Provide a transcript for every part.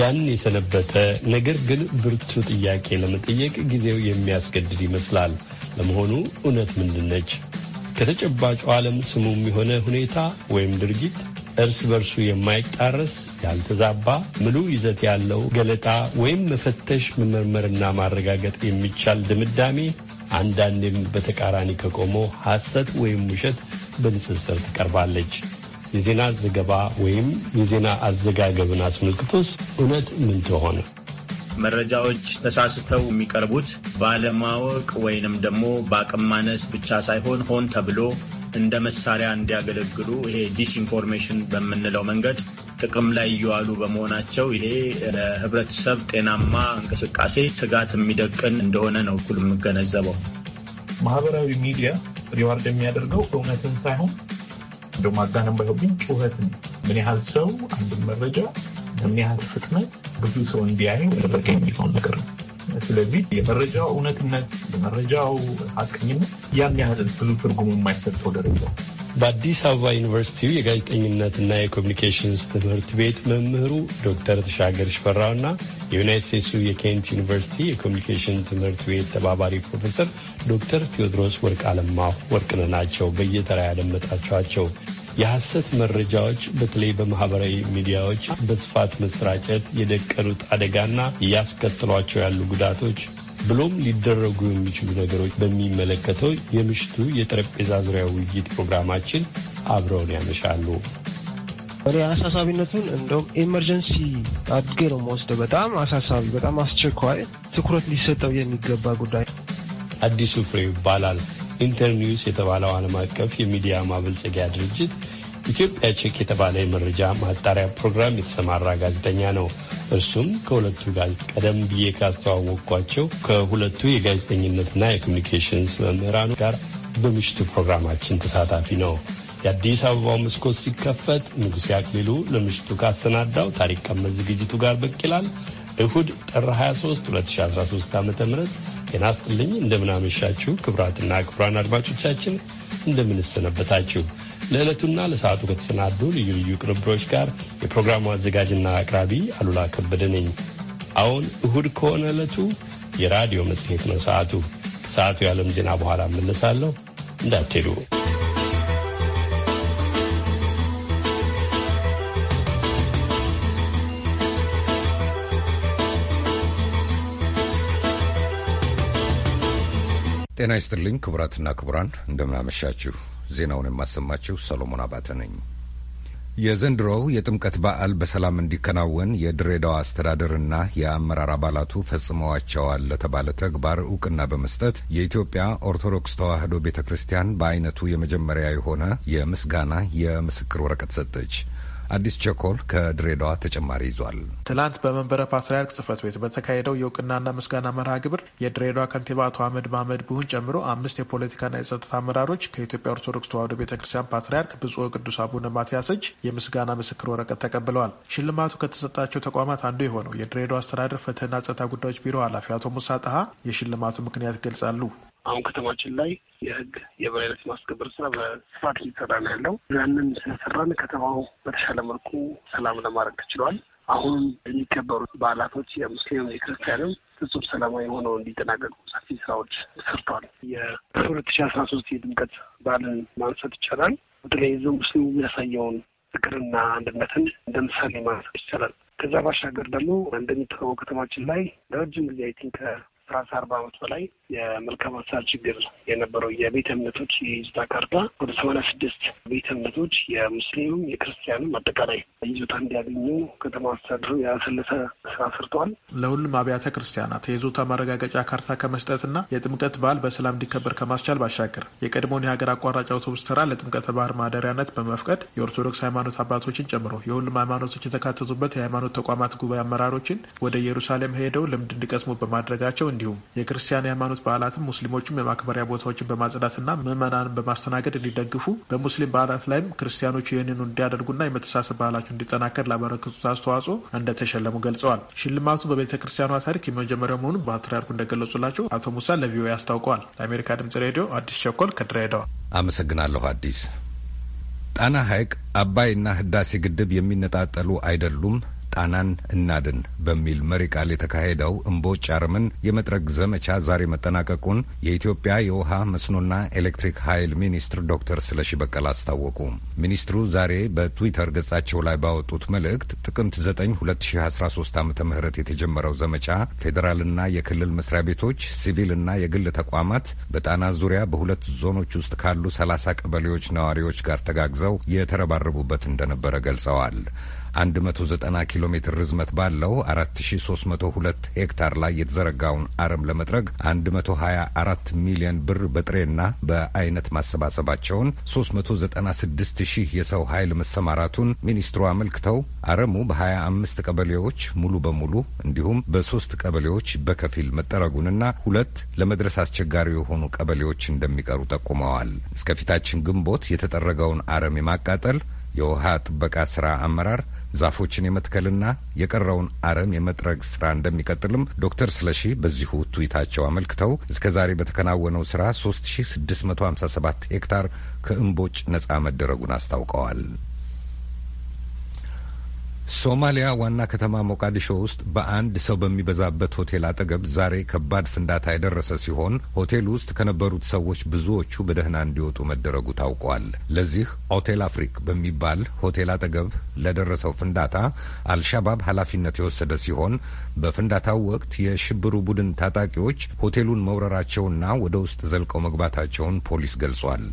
ያን የሰነበተ ነገር ግን ብርቱ ጥያቄ ለመጠየቅ ጊዜው የሚያስገድድ ይመስላል። ለመሆኑ እውነት ምንድን ነች? ከተጨባጩ ዓለም ስሙም የሆነ ሁኔታ ወይም ድርጊት እርስ በርሱ የማይጣረስ ያልተዛባ ምሉ ይዘት ያለው ገለጣ ወይም መፈተሽ መመርመርና ማረጋገጥ የሚቻል ድምዳሜ አንዳንዴም በተቃራኒ ከቆመው ሐሰት ወይም ውሸት በንጽጽር ትቀርባለች። የዜና ዘገባ ወይም የዜና አዘጋገብን አስመልክቶስ እውነት ምን ትሆነ? መረጃዎች ተሳስተው የሚቀርቡት ባለማወቅ ወይንም ደግሞ በአቅም ማነስ ብቻ ሳይሆን ሆን ተብሎ እንደ መሳሪያ እንዲያገለግሉ ይሄ ዲስኢንፎርሜሽን በምንለው መንገድ ጥቅም ላይ እየዋሉ በመሆናቸው ይሄ ለሕብረተሰብ ጤናማ እንቅስቃሴ ስጋት የሚደቅን እንደሆነ ነው እኩል የምገነዘበው። ማህበራዊ ሚዲያ ሪዋርድ የሚያደርገው እውነትን ሳይሆን እንደ ማጋነን ባይሆን ጩኸት ነው። ምን ያህል ሰው አንድ መረጃ በምን ያህል ፍጥነት ብዙ ሰው እንዲያይ ያደረገ የሚለውን ነገር ነው። ስለዚህ የመረጃው እውነትነት የመረጃው ሀቀኝነት ያን ያህል ብዙ ትርጉም የማይሰጠው ደረጃ በአዲስ አበባ ዩኒቨርሲቲው የጋዜጠኝነትና የኮሚኒኬሽንስ ትምህርት ቤት መምህሩ ዶክተር ተሻገር ሽፈራውና የዩናይት ስቴትሱ የኬንት ዩኒቨርሲቲ የኮሚኒኬሽን ትምህርት ቤት ተባባሪ ፕሮፌሰር ዶክተር ቴዎድሮስ ወርቅ አለማሁ ወርቅነ ናቸው። በየተራ ያደመጣቸኋቸው። የሐሰት መረጃዎች በተለይ በማህበራዊ ሚዲያዎች በስፋት መሰራጨት የደቀኑት አደጋና እያስከትሏቸው ያሉ ጉዳቶች ብሎም ሊደረጉ የሚችሉ ነገሮች በሚመለከተው የምሽቱ የጠረጴዛ ዙሪያ ውይይት ፕሮግራማችን አብረውን ያመሻሉ። እኔ አሳሳቢነቱን እንደውም ኢመርጀንሲ አድጌ ነው መወስደው። በጣም አሳሳቢ፣ በጣም አስቸኳይ፣ ትኩረት ሊሰጠው የሚገባ ጉዳይ። አዲሱ ፍሬ ይባላል። ኢንተርኒውስ የተባለው ዓለም አቀፍ የሚዲያ ማበልጸጊያ ድርጅት ኢትዮጵያ ቼክ የተባለ የመረጃ ማጣሪያ ፕሮግራም የተሰማራ ጋዜጠኛ ነው። እርሱም ከሁለቱ ቀደም ብዬ ካስተዋወቅኳቸው ከሁለቱ የጋዜጠኝነትና የኮሚኒኬሽንስ መምህራን ጋር በምሽቱ ፕሮግራማችን ተሳታፊ ነው። የአዲስ አበባው መስኮት ሲከፈት ንጉሴ አክሊሉ ለምሽቱ ካሰናዳው ታሪክ ቀመስ ዝግጅቱ ጋር ብቅ ይላል። እሁድ ጥር 23 2013 ዓ ም ጤና ስጥልኝ፣ እንደምናመሻችሁ ክቡራትና ክቡራን አድማጮቻችን እንደምንሰነበታችሁ ለዕለቱና ለሰዓቱ ከተሰናዱ ልዩ ልዩ ቅንብሮች ጋር የፕሮግራሙ አዘጋጅና አቅራቢ አሉላ ከበደ ነኝ። አሁን እሁድ ከሆነ ዕለቱ የራዲዮ መጽሔት ነው። ሰዓቱ ከሰዓቱ የዓለም ዜና በኋላ እመለሳለሁ፣ እንዳትሄዱ። ጤና ይስጥልኝ ክቡራትና ክቡራን፣ እንደምናመሻችሁ ዜናውን የማሰማችው ሰሎሞን አባተ ነኝ። የዘንድሮው የጥምቀት በዓል በሰላም እንዲከናወን የድሬዳዋ አስተዳደርና የአመራር አባላቱ ፈጽመዋቸዋል ለተባለ ተግባር እውቅና በመስጠት የኢትዮጵያ ኦርቶዶክስ ተዋሕዶ ቤተ ክርስቲያን በአይነቱ የመጀመሪያ የሆነ የምስጋና የምስክር ወረቀት ሰጠች። አዲስ ቸኮል ከድሬዳዋ ተጨማሪ ይዟል። ትላንት በመንበረ ፓትርያርክ ጽህፈት ቤት በተካሄደው የእውቅናና ምስጋና መርሃ ግብር የድሬዳዋ ከንቲባ አቶ አህመድ ማህመድ ብሁን ጨምሮ አምስት የፖለቲካና የጸጥታ አመራሮች ከኢትዮጵያ ኦርቶዶክስ ተዋሕዶ ቤተ ክርስቲያን ፓትርያርክ ብፁዕ ቅዱስ አቡነ ማትያስ እጅ የምስጋና ምስክር ወረቀት ተቀብለዋል። ሽልማቱ ከተሰጣቸው ተቋማት አንዱ የሆነው የድሬዳዋ አስተዳደር ፍትህና ጸጥታ ጉዳዮች ቢሮ ኃላፊ አቶ ሙሳ ጣሀ የሽልማቱ ምክንያት ይገልጻሉ። አሁን ከተማችን ላይ የህግ የበላይነት ማስከበር ስራ በስፋት እየሰራ ነው ያለው። ያንን ስለሰራን ከተማው በተሻለ መልኩ ሰላም ለማድረግ ተችሏል። አሁን የሚከበሩት በዓላቶች የሙስሊም የክርስቲያንም ፍጹም ሰላማዊ ሆነው እንዲጠናቀቁ ሰፊ ስራዎች ሰርተዋል። የሁለት ሺ አስራ ሶስት የድምቀት በዓልን ማንሳት ይቻላል። በተለይ ዞ ሙስሊሙ የሚያሳየውን ፍቅርና አንድነትን እንደ ምሳሌ ማንሳት ይቻላል። ከዛ ባሻገር ደግሞ እንደሚታወቀው ከተማችን ላይ ለረጅም ጊዜ አይ ከሰላሳ አርባ ዓመት በላይ የመልካም አሰራር ችግር የነበረው የቤተ እምነቶች የይዞታ ካርታ ወደ ሰማንያ ስድስት ቤተ እምነቶች የሙስሊምም የክርስቲያንም አጠቃላይ ይዞታ እንዲያገኙ ከተማ አስተዳደሩ ያሰለሰ ስራ ሰርተዋል። ለሁሉም አብያተ ክርስቲያናት የይዞታ ማረጋገጫ ካርታ ከመስጠትና የጥምቀት በዓል በሰላም እንዲከበር ከማስቻል ባሻገር የቀድሞውን የሀገር አቋራጭ አውቶቡስ ተራ ለጥምቀተ ባህር ማደሪያነት በመፍቀድ የኦርቶዶክስ ሃይማኖት አባቶችን ጨምሮ የሁሉም ሃይማኖቶች የተካተቱበት የሃይማኖት ተቋማት ጉባኤ አመራሮችን ወደ ኢየሩሳሌም ሄደው ልምድ እንዲቀስሙ በማድረጋቸው እንዲ እንዲሁም የክርስቲያን የሃይማኖት በዓላትም ሙስሊሞችም የማክበሪያ ቦታዎችን በማጽዳትና ምዕመናንን በማስተናገድ እንዲደግፉ በሙስሊም በዓላት ላይም ክርስቲያኖቹ ይህንኑ እንዲያደርጉና የመተሳሰብ ባህላቸው እንዲጠናከር ላበረከቱት አስተዋጽኦ እንደተሸለሙ ገልጸዋል። ሽልማቱ በቤተ ክርስቲያኗ ታሪክ የመጀመሪያው መሆኑን ፓትርያርኩ እንደገለጹላቸው አቶ ሙሳ ለቪኦኤ አስታውቀዋል። ለአሜሪካ ድምጽ ሬዲዮ አዲስ ቸኮል ከድሬዳዋ አመሰግናለሁ። አዲስ ጣና ሐይቅ አባይና ህዳሴ ግድብ የሚነጣጠሉ አይደሉም ጣናን እናድን በሚል መሪ ቃል የተካሄደው እምቦጭ አረምን የመጥረግ ዘመቻ ዛሬ መጠናቀቁን የኢትዮጵያ የውሃ መስኖና ኤሌክትሪክ ኃይል ሚኒስትር ዶክተር ስለሺ በቀለ አስታወቁ። ሚኒስትሩ ዛሬ በትዊተር ገጻቸው ላይ ባወጡት መልእክት ጥቅምት 9 2013 ዓ ም የተጀመረው ዘመቻ ፌዴራልና የክልል መስሪያ ቤቶች፣ ሲቪልና የግል ተቋማት በጣና ዙሪያ በሁለት ዞኖች ውስጥ ካሉ ሰላሳ ቀበሌዎች ነዋሪዎች ጋር ተጋግዘው የተረባረቡበት እንደነበረ ገልጸዋል። 190 ኪሎ ሜትር ርዝመት ባለው 4302 ሄክታር ላይ የተዘረጋውን አረም ለመጥረግ 124 ሚሊዮን ብር በጥሬና በአይነት ማሰባሰባቸውን 396 ሺህ የሰው ኃይል መሰማራቱን ሚኒስትሩ አመልክተው አረሙ በ25 ቀበሌዎች ሙሉ በሙሉ እንዲሁም በሶስት ቀበሌዎች በከፊል መጠረጉንና ሁለት ለመድረስ አስቸጋሪ የሆኑ ቀበሌዎች እንደሚቀሩ ጠቁመዋል። እስከፊታችን ግንቦት የተጠረገውን አረም የማቃጠል የውሃ ጥበቃ ስራ አመራር ዛፎችን የመትከልና የቀረውን አረም የመጥረግ ስራ እንደሚቀጥልም ዶክተር ስለሺ በዚሁ ትዊታቸው አመልክተው እስከ ዛሬ በተከናወነው ስራ 3657 ሄክታር ከእምቦጭ ነጻ መደረጉን አስታውቀዋል። ሶማሊያ ዋና ከተማ ሞቃዲሾ ውስጥ በአንድ ሰው በሚበዛበት ሆቴል አጠገብ ዛሬ ከባድ ፍንዳታ የደረሰ ሲሆን ሆቴል ውስጥ ከነበሩት ሰዎች ብዙዎቹ በደህና እንዲወጡ መደረጉ ታውቋል። ለዚህ ሆቴል አፍሪክ በሚባል ሆቴል አጠገብ ለደረሰው ፍንዳታ አልሻባብ ኃላፊነት የወሰደ ሲሆን በፍንዳታው ወቅት የሽብሩ ቡድን ታጣቂዎች ሆቴሉን መውረራቸውና ወደ ውስጥ ዘልቀው መግባታቸውን ፖሊስ ገልጿል።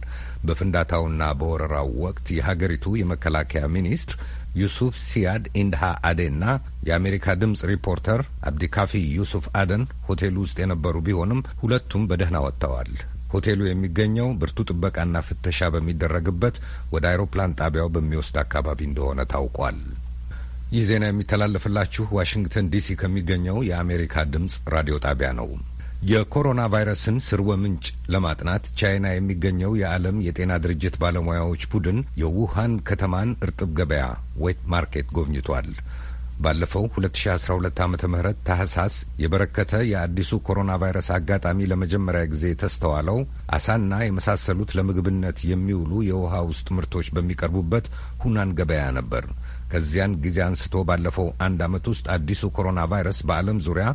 በፍንዳታውና በወረራው ወቅት የሀገሪቱ የመከላከያ ሚኒስትር ዩሱፍ ሲያድ ኢንድሃ አዴ እና የአሜሪካ ድምፅ ሪፖርተር አብዲካፊ ዩሱፍ አደን ሆቴሉ ውስጥ የነበሩ ቢሆንም ሁለቱም በደህና ወጥተዋል። ሆቴሉ የሚገኘው ብርቱ ጥበቃና ፍተሻ በሚደረግበት ወደ አይሮፕላን ጣቢያው በሚወስድ አካባቢ እንደሆነ ታውቋል። ይህ ዜና የሚተላለፍላችሁ ዋሽንግተን ዲሲ ከሚገኘው የአሜሪካ ድምፅ ራዲዮ ጣቢያ ነው። የኮሮና ቫይረስን ስርወ ምንጭ ለማጥናት ቻይና የሚገኘው የዓለም የጤና ድርጅት ባለሙያዎች ቡድን የውሃን ከተማን እርጥብ ገበያ ዌት ማርኬት ጎብኝቷል። ባለፈው 2012 ዓ ም ታህሳስ የበረከተ የአዲሱ ኮሮና ቫይረስ አጋጣሚ ለመጀመሪያ ጊዜ ተስተዋለው አሳና የመሳሰሉት ለምግብነት የሚውሉ የውሃ ውስጥ ምርቶች በሚቀርቡበት ሁናን ገበያ ነበር። ከዚያን ጊዜ አንስቶ ባለፈው አንድ ዓመት ውስጥ አዲሱ ኮሮና ቫይረስ በዓለም ዙሪያ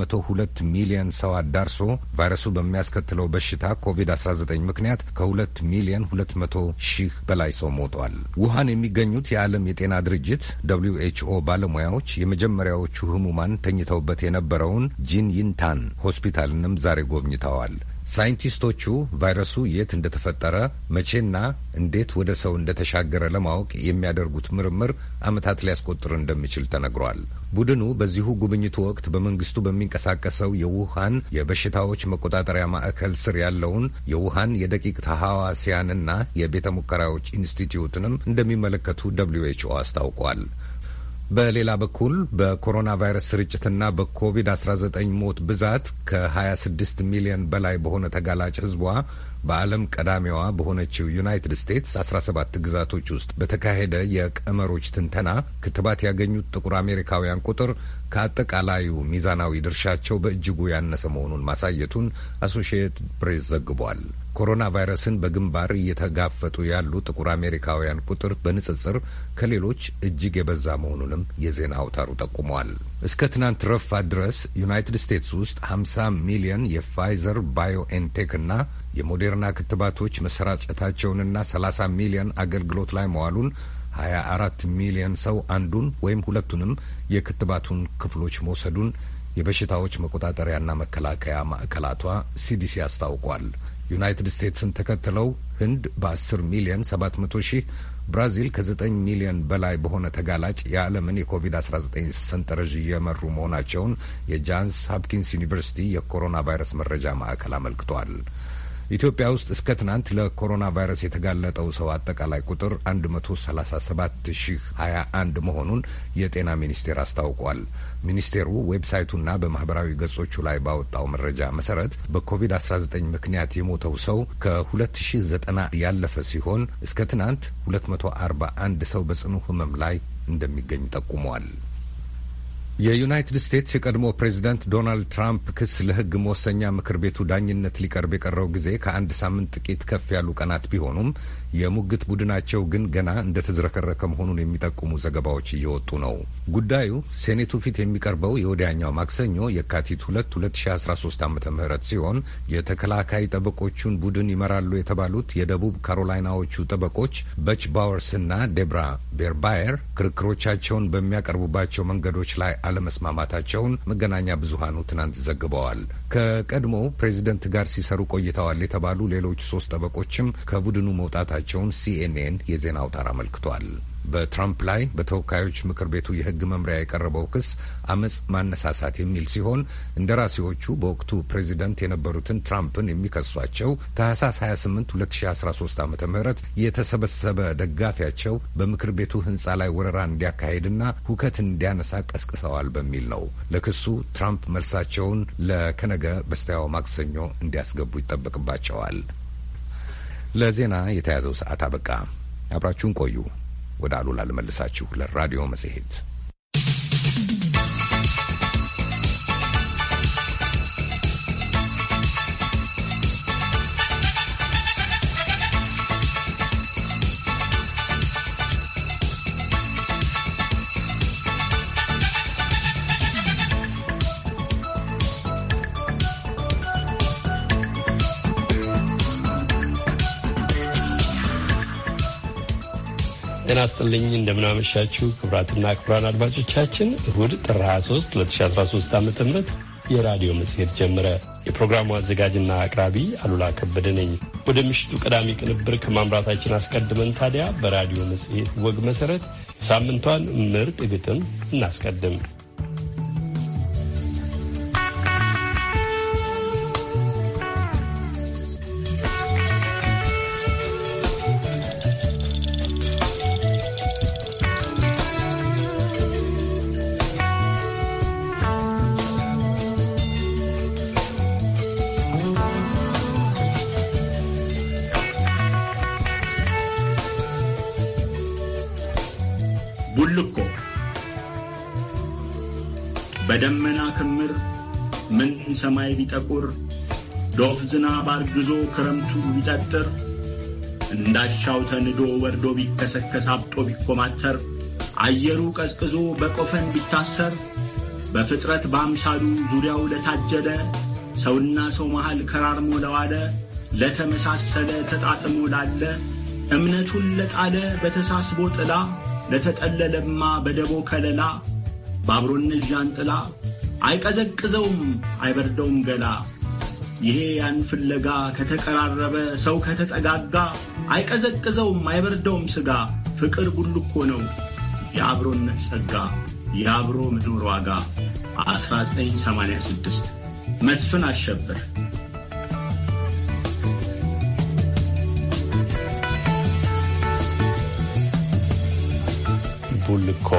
102 ሚሊዮን ሰው አዳርሶ ቫይረሱ በሚያስከትለው በሽታ ኮቪድ-19 ምክንያት ከ2 ሚሊዮን 200 ሺህ በላይ ሰው ሞቷል። ውሃን የሚገኙት የዓለም የጤና ድርጅት ደብሊው ኤችኦ ባለሙያዎች የመጀመሪያዎቹ ህሙማን ተኝተውበት የነበረውን ጂን ይንታን ሆስፒታልንም ዛሬ ጎብኝተዋል። ሳይንቲስቶቹ ቫይረሱ የት እንደተፈጠረ መቼና እንዴት ወደ ሰው እንደተሻገረ ለማወቅ የሚያደርጉት ምርምር ዓመታት ሊያስቆጥር እንደሚችል ተነግሯል። ቡድኑ በዚሁ ጉብኝቱ ወቅት በመንግስቱ በሚንቀሳቀሰው የውሃን የበሽታዎች መቆጣጠሪያ ማዕከል ስር ያለውን የውሃን የደቂቅ ተሐዋስያንና የቤተ ሙከራዎች ኢንስቲትዩትንም እንደሚመለከቱ ደብሊዩ ኤች ኦ አስታውቋል። በሌላ በኩል በኮሮና ቫይረስ ስርጭትና በኮቪድ-19 ሞት ብዛት ከ26 ሚሊዮን በላይ በሆነ ተጋላጭ ህዝቧ በዓለም ቀዳሚዋ በሆነችው ዩናይትድ ስቴትስ 17 ግዛቶች ውስጥ በተካሄደ የቀመሮች ትንተና ክትባት ያገኙት ጥቁር አሜሪካውያን ቁጥር ከአጠቃላዩ ሚዛናዊ ድርሻቸው በእጅጉ ያነሰ መሆኑን ማሳየቱን አሶሺየትድ ፕሬስ ዘግቧል። ኮሮና ቫይረስን በግንባር እየተጋፈጡ ያሉ ጥቁር አሜሪካውያን ቁጥር በንጽጽር ከሌሎች እጅግ የበዛ መሆኑንም የዜና አውታሩ ጠቁመዋል። እስከ ትናንት ረፋት ድረስ ዩናይትድ ስቴትስ ውስጥ 50 ሚሊዮን የፋይዘር ባዮኤንቴክ እና የሞዴርና ክትባቶች መሰራጨታቸውንና 30 ሚሊዮን አገልግሎት ላይ መዋሉን 24 ሚሊዮን ሰው አንዱን ወይም ሁለቱንም የክትባቱን ክፍሎች መውሰዱን የበሽታዎች መቆጣጠሪያና መከላከያ ማዕከላቷ ሲዲሲ አስታውቋል። ዩናይትድ ስቴትስን ተከትለው ህንድ በ10 ሚሊዮን 700 ሺህ፣ ብራዚል ከ9 ሚሊዮን በላይ በሆነ ተጋላጭ የዓለምን የኮቪድ-19 ሰንጠረዥ እየመሩ መሆናቸውን የጃንስ ሀፕኪንስ ዩኒቨርሲቲ የኮሮና ቫይረስ መረጃ ማዕከል አመልክቷል። ኢትዮጵያ ውስጥ እስከ ትናንት ለኮሮና ቫይረስ የተጋለጠው ሰው አጠቃላይ ቁጥር 137021 መሆኑን የጤና ሚኒስቴር አስታውቋል። ሚኒስቴሩ ዌብሳይቱና በማህበራዊ ገጾቹ ላይ ባወጣው መረጃ መሰረት በኮቪድ-19 ምክንያት የሞተው ሰው ከ2090 ያለፈ ሲሆን እስከ ትናንት 241 ሰው በጽኑ ህመም ላይ እንደሚገኝ ጠቁመዋል። የዩናይትድ ስቴትስ የቀድሞ ፕሬዚደንት ዶናልድ ትራምፕ ክስ ለሕግ መወሰኛ ምክር ቤቱ ዳኝነት ሊቀርብ የቀረው ጊዜ ከአንድ ሳምንት ጥቂት ከፍ ያሉ ቀናት ቢሆኑም የሙግት ቡድናቸው ግን ገና እንደተዝረከረከ መሆኑን የሚጠቁሙ ዘገባዎች እየወጡ ነው። ጉዳዩ ሴኔቱ ፊት የሚቀርበው የወዲያኛው ማክሰኞ የካቲት 2 ሁለት ሺ አስራ ሲሆን የተከላካይ ጠበቆቹን ቡድን ይመራሉ የተባሉት የደቡብ ካሮላይናዎቹ ጠበቆች በች ባወርስና ዴብራ ቤርባየር ክርክሮቻቸውን በሚያቀርቡባቸው መንገዶች ላይ አለመስማማታቸውን መገናኛ ብዙሃኑ ትናንት ዘግበዋል። ከቀድሞ ፕሬዚደንት ጋር ሲሰሩ ቆይተዋል የተባሉ ሌሎች ሶስት ጠበቆችም ከቡድኑ መውጣታቸው መግለጻቸውን ሲኤንኤን የዜና አውታር አመልክቷል። በትራምፕ ላይ በተወካዮች ምክር ቤቱ የሕግ መምሪያ የቀረበው ክስ አመጽ ማነሳሳት የሚል ሲሆን እንደራሴዎቹ በወቅቱ ፕሬዚደንት የነበሩትን ትራምፕን የሚከሷቸው ታህሳስ 28 2013 ዓ ም የተሰበሰበ ደጋፊያቸው በምክር ቤቱ ህንፃ ላይ ወረራ እንዲያካሄድና ሁከት እንዲያነሳ ቀስቅሰዋል በሚል ነው። ለክሱ ትራምፕ መልሳቸውን ለከነገ በስቲያው ማክሰኞ እንዲያስገቡ ይጠበቅባቸዋል። ለዜና የተያዘው ሰዓት አበቃ። አብራችሁን ቆዩ። ወደ አሉላ ልመልሳችሁ ለራዲዮ መጽሔት ጤና ስጥልኝ እንደምናመሻችሁ ክብራትና ክብራን አድማጮቻችን እሁድ ጥር 23 2013 ዓ ም የራዲዮ መጽሔት ጀመረ። የፕሮግራሙ አዘጋጅና አቅራቢ አሉላ ከበደ ነኝ። ወደ ምሽቱ ቀዳሚ ቅንብር ከማምራታችን አስቀድመን ታዲያ በራዲዮ መጽሔት ወግ መሠረት የሳምንቷን ምርጥ ግጥም እናስቀድም። በደመና ክምር ምን ሰማይ ቢጠቁር ዶፍ ዝናብ አርግዞ ክረምቱ ቢጠጥር እንዳሻው ተንዶ ወርዶ ቢከሰከስ አብጦ ቢኮማተር አየሩ ቀዝቅዞ በቆፈን ቢታሰር በፍጥረት በአምሳሉ ዙሪያው ለታጀለ ሰውና ሰው መሃል ከራርሞ ለዋለ ለተመሳሰለ ተጣጥሞ ላለ እምነቱን ለጣለ በተሳስቦ ጥላ ለተጠለለማ በደቦ ከለላ በአብሮነት ዣንጥላ አይቀዘቅዘውም አይበርደውም ገላ ይሄ ያን ፍለጋ ከተቀራረበ ሰው ከተጠጋጋ አይቀዘቅዘውም አይበርደውም ስጋ ፍቅር ሁሉ እኮ ነው የአብሮነት ጸጋ የአብሮ መኖር ዋጋ 1986 መስፍን አሸብር ቡልኮ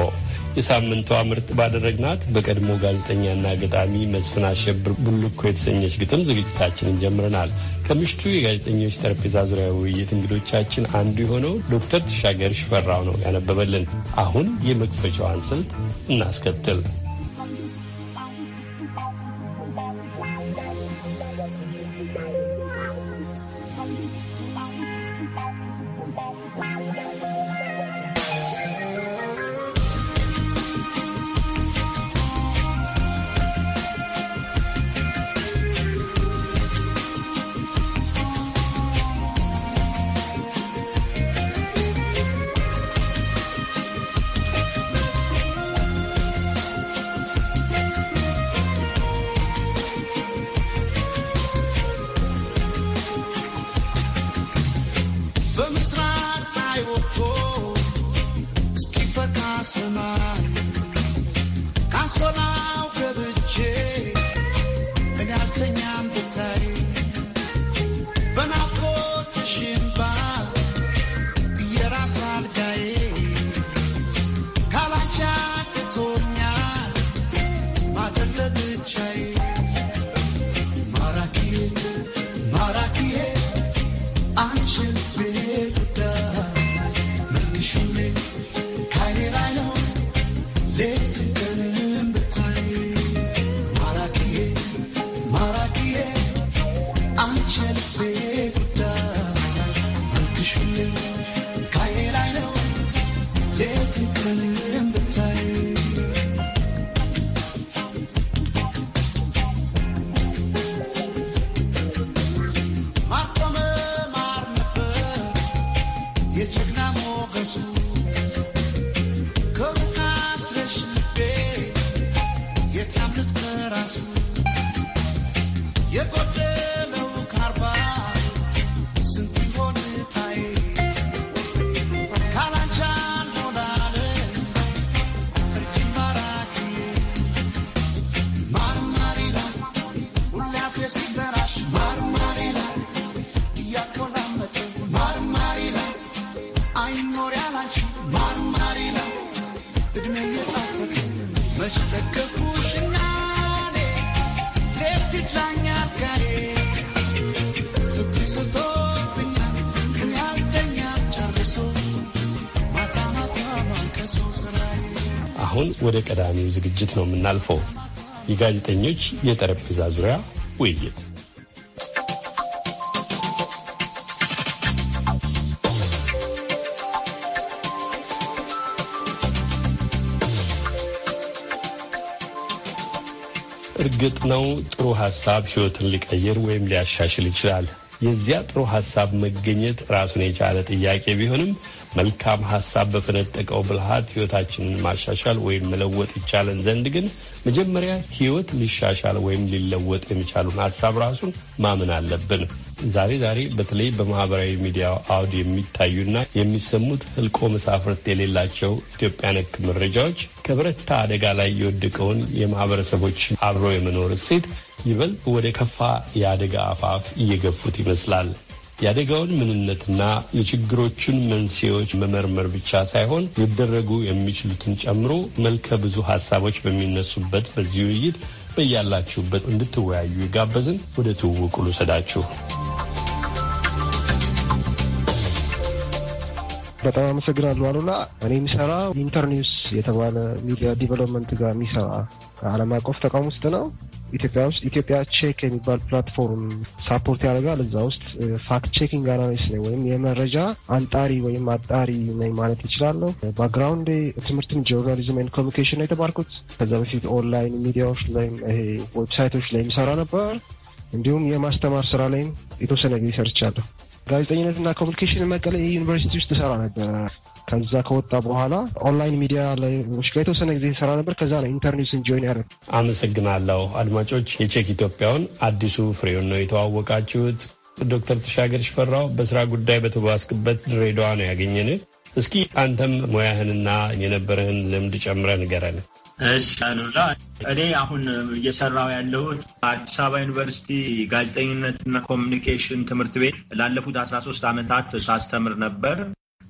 የሳምንቷ ምርጥ ባደረግናት በቀድሞ ጋዜጠኛና ገጣሚ መስፍን አሸብር ቡልኮ የተሰኘች ግጥም ዝግጅታችንን ጀምረናል። ከምሽቱ የጋዜጠኞች ጠረጴዛ ዙሪያ ውይይት እንግዶቻችን አንዱ የሆነው ዶክተር ተሻገር ሽፈራው ነው ያነበበልን። አሁን የመክፈቻዋን ስልት እናስከትል። Caso na ወደ ቀዳሚው ዝግጅት ነው የምናልፈው። የጋዜጠኞች የጠረጴዛ ዙሪያ ውይይት እርግጥ ነው ጥሩ ሀሳብ ሕይወትን ሊቀይር ወይም ሊያሻሽል ይችላል። የዚያ ጥሩ ሀሳብ መገኘት ራሱን የቻለ ጥያቄ ቢሆንም መልካም ሀሳብ በፈነጠቀው ብልሃት ህይወታችንን ማሻሻል ወይም መለወጥ ይቻለን ዘንድ ግን መጀመሪያ ህይወት ሊሻሻል ወይም ሊለወጥ የሚቻሉን ሀሳብ ራሱን ማመን አለብን። ዛሬ ዛሬ በተለይ በማህበራዊ ሚዲያ አውድ የሚታዩና የሚሰሙት ህልቆ መሳፍርት የሌላቸው ኢትዮጵያ ነክ መረጃዎች ከብረታ አደጋ ላይ የወደቀውን የማህበረሰቦች አብሮ የመኖር እሴት ይበልጥ ወደ ከፋ የአደጋ አፋፍ እየገፉት ይመስላል። የአደጋውን ምንነትና የችግሮቹን መንስኤዎች መመርመር ብቻ ሳይሆን ሊደረጉ የሚችሉትን ጨምሮ መልከ ብዙ ሀሳቦች በሚነሱበት በዚህ ውይይት በያላችሁበት እንድትወያዩ የጋበዝን ወደ ትውውቁ ልውሰዳችሁ። በጣም አመሰግናለሁ አሉላ። እኔ የሚሰራ ኢንተርኒውስ የተባለ ሚዲያ ዲቨሎፕመንት ጋር የሚሰራ ከዓለም አቀፍ ተቋም ውስጥ ነው። ኢትዮጵያ ውስጥ ኢትዮጵያ ቼክ የሚባል ፕላትፎርም ሳፖርት ያደርጋል። እዛ ውስጥ ፋክት ቼኪንግ አናሊስ ነኝ ወይም የመረጃ አንጣሪ ወይም አጣሪ ነኝ ማለት ይችላለሁ። ባክግራውንድ ትምህርትም ጆርናሊዝም ኤንድ ኮሚኒኬሽን ነው የተባልኩት። ከዛ በፊት ኦንላይን ሚዲያዎች ላይም ይሄ ዌብሳይቶች ላይ የሚሰራ ነበር። እንዲሁም የማስተማር ስራ ላይም የተወሰነ ጊዜ ሰርቻለሁ። ጋዜጠኝነትና ኮሚኒኬሽን መቀለ ዩኒቨርሲቲ ውስጥ ተሰራ ነበር። ከዛ ከወጣ በኋላ ኦንላይን ሚዲያ ላይ የተወሰነ ጊዜ ይሰራ ነበር። ከዛ ነው ኢንተርኔትን ጆይን ያደረግ። አመሰግናለሁ። አድማጮች የቼክ ኢትዮጵያውን አዲሱ ፍሬውን ነው የተዋወቃችሁት። ዶክተር ተሻገር ሽፈራው በስራ ጉዳይ በተጓዝክበት ድሬዳዋ ነው ያገኘን። እስኪ አንተም ሙያህንና የነበረህን ልምድ ጨምረህ ንገረን። እሺ አሉላ፣ እኔ አሁን እየሰራው ያለሁት አዲስ አበባ ዩኒቨርሲቲ ጋዜጠኝነትና ኮሚኒኬሽን ትምህርት ቤት ላለፉት አስራ ሶስት ዓመታት ሳስተምር ነበር።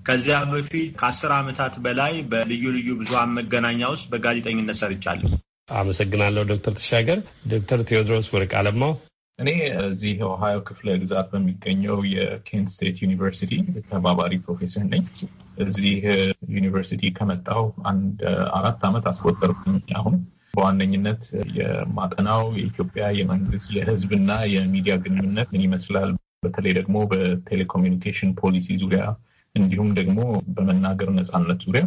ከዚያ በፊት ከአስር ዓመታት በላይ በልዩ ልዩ ብዙሃን መገናኛ ውስጥ በጋዜጠኝነት ሰርቻለሁ። አመሰግናለሁ ዶክተር ተሻገር። ዶክተር ቴዎድሮስ ወርቅ አለማው እኔ እዚህ ኦሃዮ ክፍለ ግዛት በሚገኘው የኬንት ስቴት ዩኒቨርሲቲ ተባባሪ ፕሮፌሰር ነኝ። እዚህ ዩኒቨርሲቲ ከመጣሁ አንድ አራት ዓመት አስቆጠርኩኝ። አሁን በዋነኝነት የማጠናው የኢትዮጵያ የመንግስት የህዝብና የሚዲያ ግንኙነት ምን ይመስላል፣ በተለይ ደግሞ በቴሌኮሚኒኬሽን ፖሊሲ ዙሪያ እንዲሁም ደግሞ በመናገር ነፃነት ዙሪያ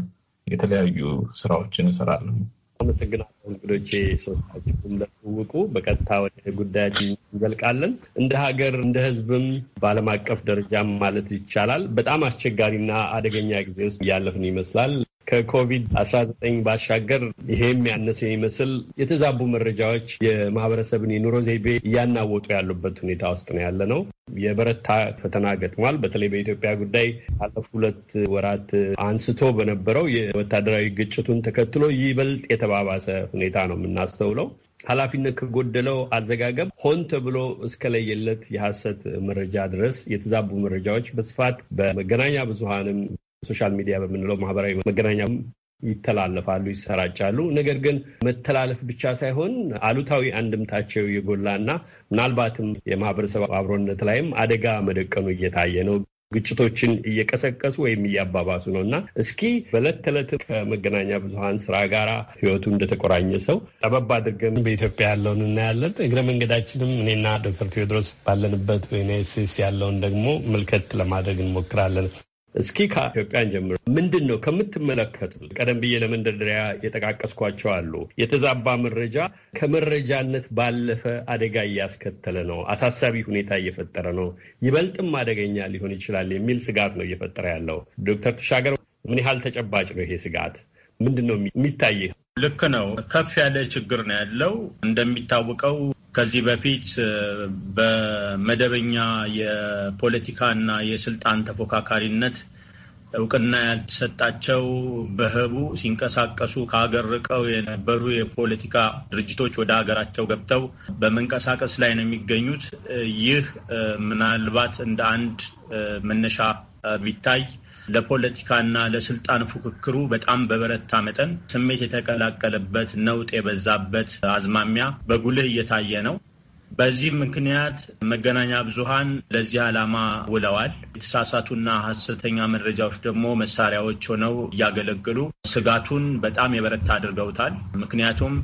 የተለያዩ ስራዎችን እሰራለሁ። አመሰግናለሁ እንግዶቼ ሶስታችሁም ለውቁ በቀጥታ ወደ ጉዳያችን እንዘልቃለን። እንደ ሀገር እንደ ሕዝብም በዓለም አቀፍ ደረጃም ማለት ይቻላል በጣም አስቸጋሪና አደገኛ ጊዜ ውስጥ እያለፍን ይመስላል። ከኮቪድ 19 ባሻገር ይሄም ያነሰ የሚመስል የተዛቡ መረጃዎች የማህበረሰብን የኑሮ ዘይቤ እያናወጡ ያሉበት ሁኔታ ውስጥ ነው ያለ ነው። የበረታ ፈተና ገጥሟል። በተለይ በኢትዮጵያ ጉዳይ ካለፉ ሁለት ወራት አንስቶ በነበረው የወታደራዊ ግጭቱን ተከትሎ ይበልጥ የተባባሰ ሁኔታ ነው የምናስተውለው። ኃላፊነት ከጎደለው አዘጋገብ ሆን ተብሎ እስከለየለት የሐሰት መረጃ ድረስ የተዛቡ መረጃዎች በስፋት በመገናኛ ብዙኃንም ሶሻል ሚዲያ በምንለው ማህበራዊ መገናኛ ይተላለፋሉ፣ ይሰራጫሉ። ነገር ግን መተላለፍ ብቻ ሳይሆን አሉታዊ አንድምታቸው የጎላና ምናልባትም የማህበረሰብ አብሮነት ላይም አደጋ መደቀኑ እየታየ ነው። ግጭቶችን እየቀሰቀሱ ወይም እያባባሱ ነው እና እስኪ በዕለት ተዕለት ከመገናኛ ብዙሀን ስራ ጋር ህይወቱ እንደተቆራኘ ሰው ጠበብ አድርገን በኢትዮጵያ ያለውን እናያለን። እግረ መንገዳችንም እኔና ዶክተር ቴዎድሮስ ባለንበት በዩናይት ስቴትስ ያለውን ደግሞ ምልከት ለማድረግ እንሞክራለን። እስኪ ከኢትዮጵያን ጀምሮ ምንድን ነው ከምትመለከቱት? ቀደም ብዬ ለመንደርደሪያ የጠቃቀስኳቸው አሉ። የተዛባ መረጃ ከመረጃነት ባለፈ አደጋ እያስከተለ ነው፣ አሳሳቢ ሁኔታ እየፈጠረ ነው፣ ይበልጥም አደገኛ ሊሆን ይችላል የሚል ስጋት ነው እየፈጠረ ያለው። ዶክተር ተሻገር ምን ያህል ተጨባጭ ነው ይሄ ስጋት? ምንድን ነው የሚታይህ? ልክ ነው። ከፍ ያለ ችግር ነው ያለው። እንደሚታወቀው ከዚህ በፊት በመደበኛ የፖለቲካና የስልጣን ተፎካካሪነት እውቅና ያልተሰጣቸው በህቡ ሲንቀሳቀሱ ከሀገር ርቀው የነበሩ የፖለቲካ ድርጅቶች ወደ ሀገራቸው ገብተው በመንቀሳቀስ ላይ ነው የሚገኙት። ይህ ምናልባት እንደ አንድ መነሻ ቢታይ ለፖለቲካና ለስልጣን ፉክክሩ በጣም በበረታ መጠን ስሜት የተቀላቀለበት ነውጥ የበዛበት አዝማሚያ በጉልህ እየታየ ነው። በዚህ ምክንያት መገናኛ ብዙሃን ለዚህ ዓላማ ውለዋል። የተሳሳቱና ሐሰተኛ መረጃዎች ደግሞ መሳሪያዎች ሆነው እያገለገሉ ስጋቱን በጣም የበረታ አድርገውታል። ምክንያቱም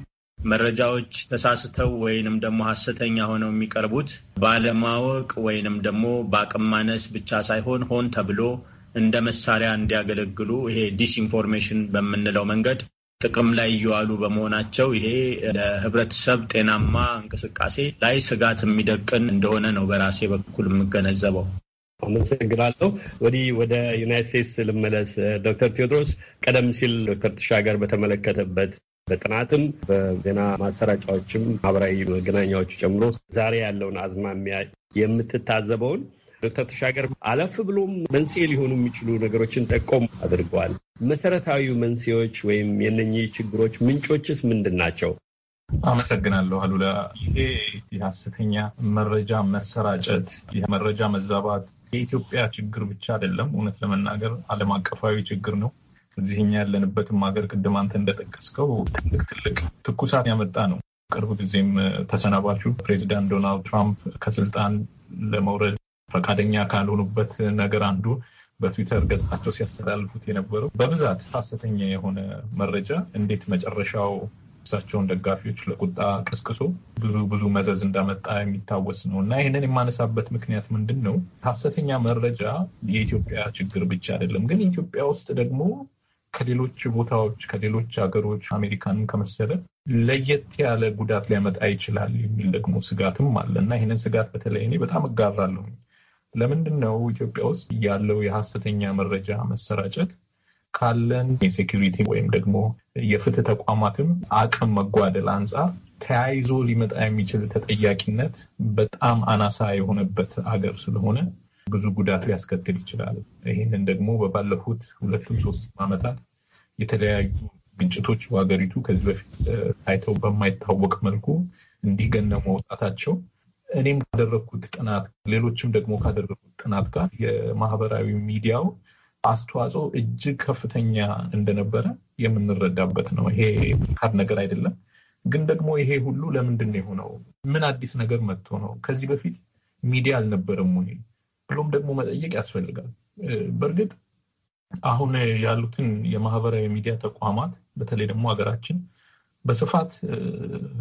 መረጃዎች ተሳስተው ወይንም ደግሞ ሐሰተኛ ሆነው የሚቀርቡት ባለማወቅ ወይንም ደግሞ በአቅም ማነስ ብቻ ሳይሆን ሆን ተብሎ እንደ መሳሪያ እንዲያገለግሉ ይሄ ዲስኢንፎርሜሽን በምንለው መንገድ ጥቅም ላይ እየዋሉ በመሆናቸው ይሄ ለህብረተሰብ ጤናማ እንቅስቃሴ ላይ ስጋት የሚደቅን እንደሆነ ነው በራሴ በኩል የምገነዘበው። አመሰግናለሁ። ወዲህ ወደ ዩናይት ስቴትስ ልመለስ። ዶክተር ቴዎድሮስ ቀደም ሲል ዶክተር ተሻገር በተመለከተበት በጥናትም በዜና ማሰራጫዎችም ማህበራዊ መገናኛዎች ጨምሮ ዛሬ ያለውን አዝማሚያ የምትታዘበውን ዶክተር ተሻገር አለፍ ብሎም መንስኤ ሊሆኑ የሚችሉ ነገሮችን ጠቆም አድርገዋል። መሰረታዊ መንስኤዎች ወይም የነኚህ ችግሮች ምንጮችስ ምንድን ናቸው? አመሰግናለሁ አሉላ። ይሄ የሀሰተኛ መረጃ መሰራጨት፣ የመረጃ መዛባት የኢትዮጵያ ችግር ብቻ አይደለም። እውነት ለመናገር ዓለም አቀፋዊ ችግር ነው። እዚህ እኛ ያለንበትም ሀገር ቅድም አንተ እንደጠቀስከው ትልቅ ትልቅ ትኩሳት ያመጣ ነው። ቅርብ ጊዜም ተሰናባቹ ፕሬዚዳንት ዶናልድ ትራምፕ ከስልጣን ለመውረድ ፈቃደኛ ካልሆኑበት ነገር አንዱ በትዊተር ገጻቸው ሲያስተላልፉት የነበረው በብዛት ሐሰተኛ የሆነ መረጃ እንዴት መጨረሻው እሳቸውን ደጋፊዎች ለቁጣ ቀስቅሶ ብዙ ብዙ መዘዝ እንዳመጣ የሚታወስ ነው እና ይህንን የማነሳበት ምክንያት ምንድን ነው? ሐሰተኛ መረጃ የኢትዮጵያ ችግር ብቻ አይደለም። ግን ኢትዮጵያ ውስጥ ደግሞ ከሌሎች ቦታዎች ከሌሎች ሀገሮች አሜሪካንም ከመሰለ ለየት ያለ ጉዳት ሊያመጣ ይችላል የሚል ደግሞ ስጋትም አለ እና ይህንን ስጋት በተለይ እኔ በጣም እጋራለሁ። ለምንድን ነው ኢትዮጵያ ውስጥ ያለው የሀሰተኛ መረጃ መሰራጨት ካለን የሴኪሪቲ ወይም ደግሞ የፍትህ ተቋማትም አቅም መጓደል አንጻር ተያይዞ ሊመጣ የሚችል ተጠያቂነት በጣም አናሳ የሆነበት አገር ስለሆነ ብዙ ጉዳት ሊያስከትል ይችላል። ይህንን ደግሞ በባለፉት ሁለቱም ሶስት ዓመታት የተለያዩ ግጭቶች በሀገሪቱ ከዚህ በፊት ታይተው በማይታወቅ መልኩ እንዲህ ገነው መውጣታቸው እኔም ካደረግኩት ጥናት ሌሎችም ደግሞ ካደረጉት ጥናት ጋር የማህበራዊ ሚዲያው አስተዋጽኦ እጅግ ከፍተኛ እንደነበረ የምንረዳበት ነው። ይሄ ካድ ነገር አይደለም። ግን ደግሞ ይሄ ሁሉ ለምንድን ነው የሆነው? ምን አዲስ ነገር መጥቶ ነው? ከዚህ በፊት ሚዲያ አልነበረም ወይ ብሎም ደግሞ መጠየቅ ያስፈልጋል። በእርግጥ አሁን ያሉትን የማህበራዊ ሚዲያ ተቋማት በተለይ ደግሞ ሀገራችን በስፋት